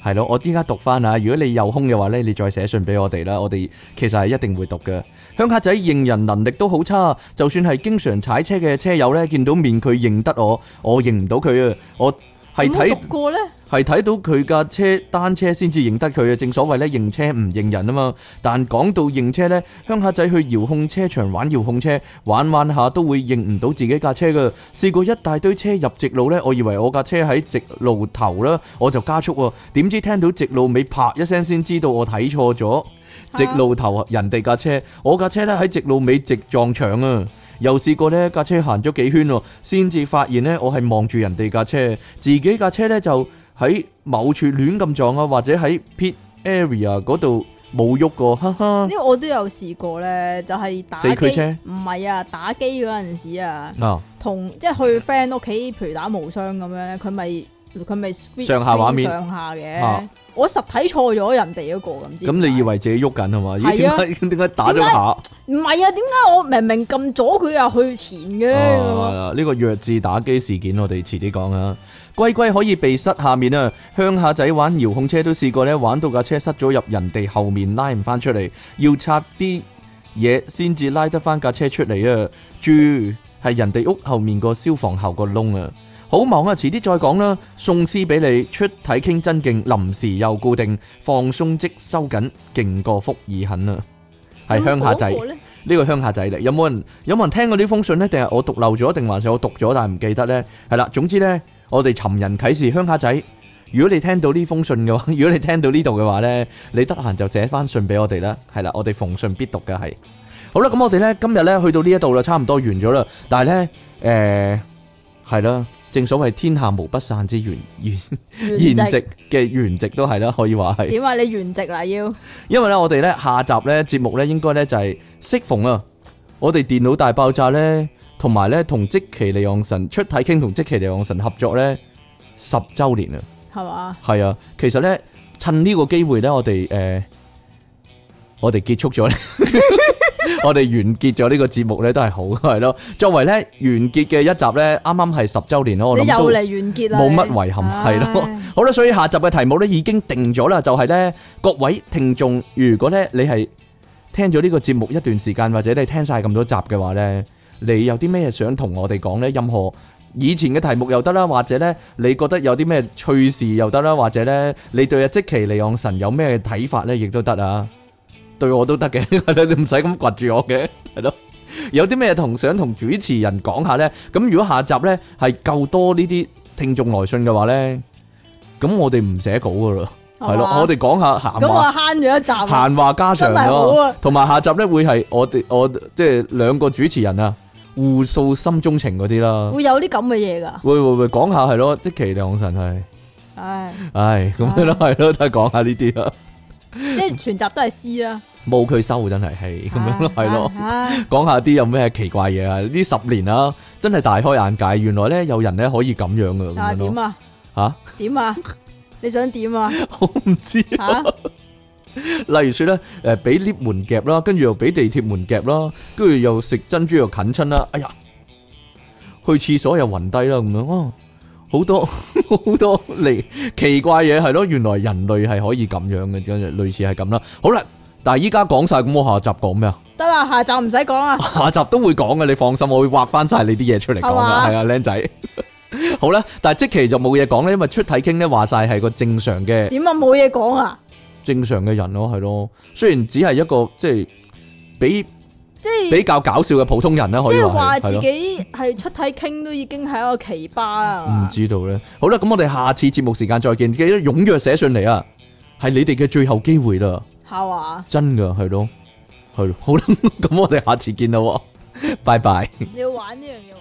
係咯，我依家讀翻啊！如果你有空嘅話呢，你再寫信俾我哋啦，我哋其實係一定會讀嘅。鄉下仔認人能力都好差，就算係經常踩車嘅車友呢，見到面佢認得我，我認唔到佢啊！我。係睇係睇到佢架車單車先至認得佢啊！正所謂咧，認車唔認人啊嘛。但講到認車呢，鄉下仔去遙控車場玩遙控車，玩玩下都會認唔到自己架車㗎。試過一大堆車入直路呢，我以為我架車喺直路頭啦，我就加速喎。點知聽到直路尾啪一聲，先知道我睇錯咗。 直路頭人哋架車，我架車咧喺直路尾直撞牆啊！又試過呢架車行咗幾圈喎，先至發現呢，我係望住人哋架車，自己架車呢就喺某處亂咁撞啊，或者喺 pit area 嗰度冇喐過，哈哈！呢我都有試過呢，就係、是、打四驅車，唔係啊，打機嗰陣時啊，同即係去 friend 屋企，譬如打無雙咁樣呢，佢咪佢咪上下畫面上下嘅。啊我實體錯咗人哋、那、嗰個咁，咁你以為自己喐緊係嘛？點解點解打咗下？唔係啊，點解我明明撳咗佢又去前嘅？呢、啊、個弱智打機事件，我哋遲啲講啊！龜龜可以避塞下面啊！鄉下仔玩遙控車都試過呢。玩到架車塞咗入人哋後面，拉唔翻出嚟，要拆啲嘢先至拉得翻架車出嚟啊！住係人哋屋後面個消防喉個窿啊！好忙啊！遲啲再講啦。送詩俾你出體傾真勁，臨時又固定放鬆即收緊，勁過福爾肯啊！係鄉下仔，呢個鄉下仔嚟，有冇人有冇人聽過呢封信呢？定係我讀漏咗，定還是我讀咗但係唔記得呢？係啦，總之呢，我哋尋人啟示鄉下仔，如果你聽到呢封信嘅話，如果你聽到呢度嘅話呢， 你得閒就寫翻信俾我哋啦。係啦，我哋逢信必讀嘅係。好啦，咁我哋呢，今日呢去到呢一度啦，差唔多完咗啦。但係呢，誒，係啦。正所謂天下無不散之筵，筵筵席嘅筵席都係啦，可以話係。點啊？你筵席嗱要？因為咧，我哋咧下集咧節目咧應該咧就係適逢啊，我哋電腦大爆炸咧，同埋咧同積淇離岸神出體 king 同積淇離岸神合作咧十周年啊，係嘛吧？係啊，其實咧趁呢個機會咧、呃，我哋誒，我哋結束咗。 我哋完結咗呢個節目呢，都係好係咯。作為呢完結嘅一集呢，啱啱係十周年咯。我諗都冇乜遺憾係咯。 好啦，所以下集嘅題目呢已經定咗啦，就係、是、呢各位聽眾，如果呢你係聽咗呢個節目一段時間，或者你聽晒咁多集嘅話呢，你有啲咩想同我哋講呢？任何以前嘅題目又得啦，或者呢你覺得有啲咩趣事又得啦，或者呢你對阿積淇離岸神有咩睇法呢，亦都得啊。對我都得嘅，你唔使咁掘住我嘅，係咯。有啲咩同想同主持人講下咧？咁如果下集咧係夠多呢啲聽眾來信嘅話咧，咁我哋唔寫稿噶咯，係咯。我哋講下閒話，咁我慳咗一集閒話家常咯，同埋下集咧會係我哋我即係兩個主持人啊，互訴心中情嗰啲啦。會有啲咁嘅嘢噶？會會會講下係咯，積淇離岸神係，唉唉咁樣都係咯，都係講下呢啲啊。即係,全集都係 C 啦, 你想怎麼樣?我不知道啊? 冇佢收真係係,咁樣囉,係囉,講下有咩奇怪嘢呀?啲好很多好 多離奇怪嘢係咯，原來人類係可以咁樣嘅，類似係咁啦。好啦，但係依家講晒咁，我下集講咩啊？得啦，下集唔使講啦。下集都會講嘅，你放心，我會挖翻晒你啲嘢出嚟講嘅，係啊，靚仔。 好啦，但係即期就冇嘢講咧，因為出體傾咧話晒係個正常嘅。點啊，冇嘢講啊？正常嘅人咯，係咯，雖然只係一個即係俾。即係比較搞笑嘅普通人啦，可以話係咯。即係話自己係出體 King 都已經係一個奇葩啦。唔知道咧。好啦，咁我哋下次節目時間再見。記得踴躍寫上嚟啊，係你哋嘅最後機會啦。下話？真㗎係咯，係。好啦，咁我哋下次見啦，拜拜。你要玩呢樣嘢。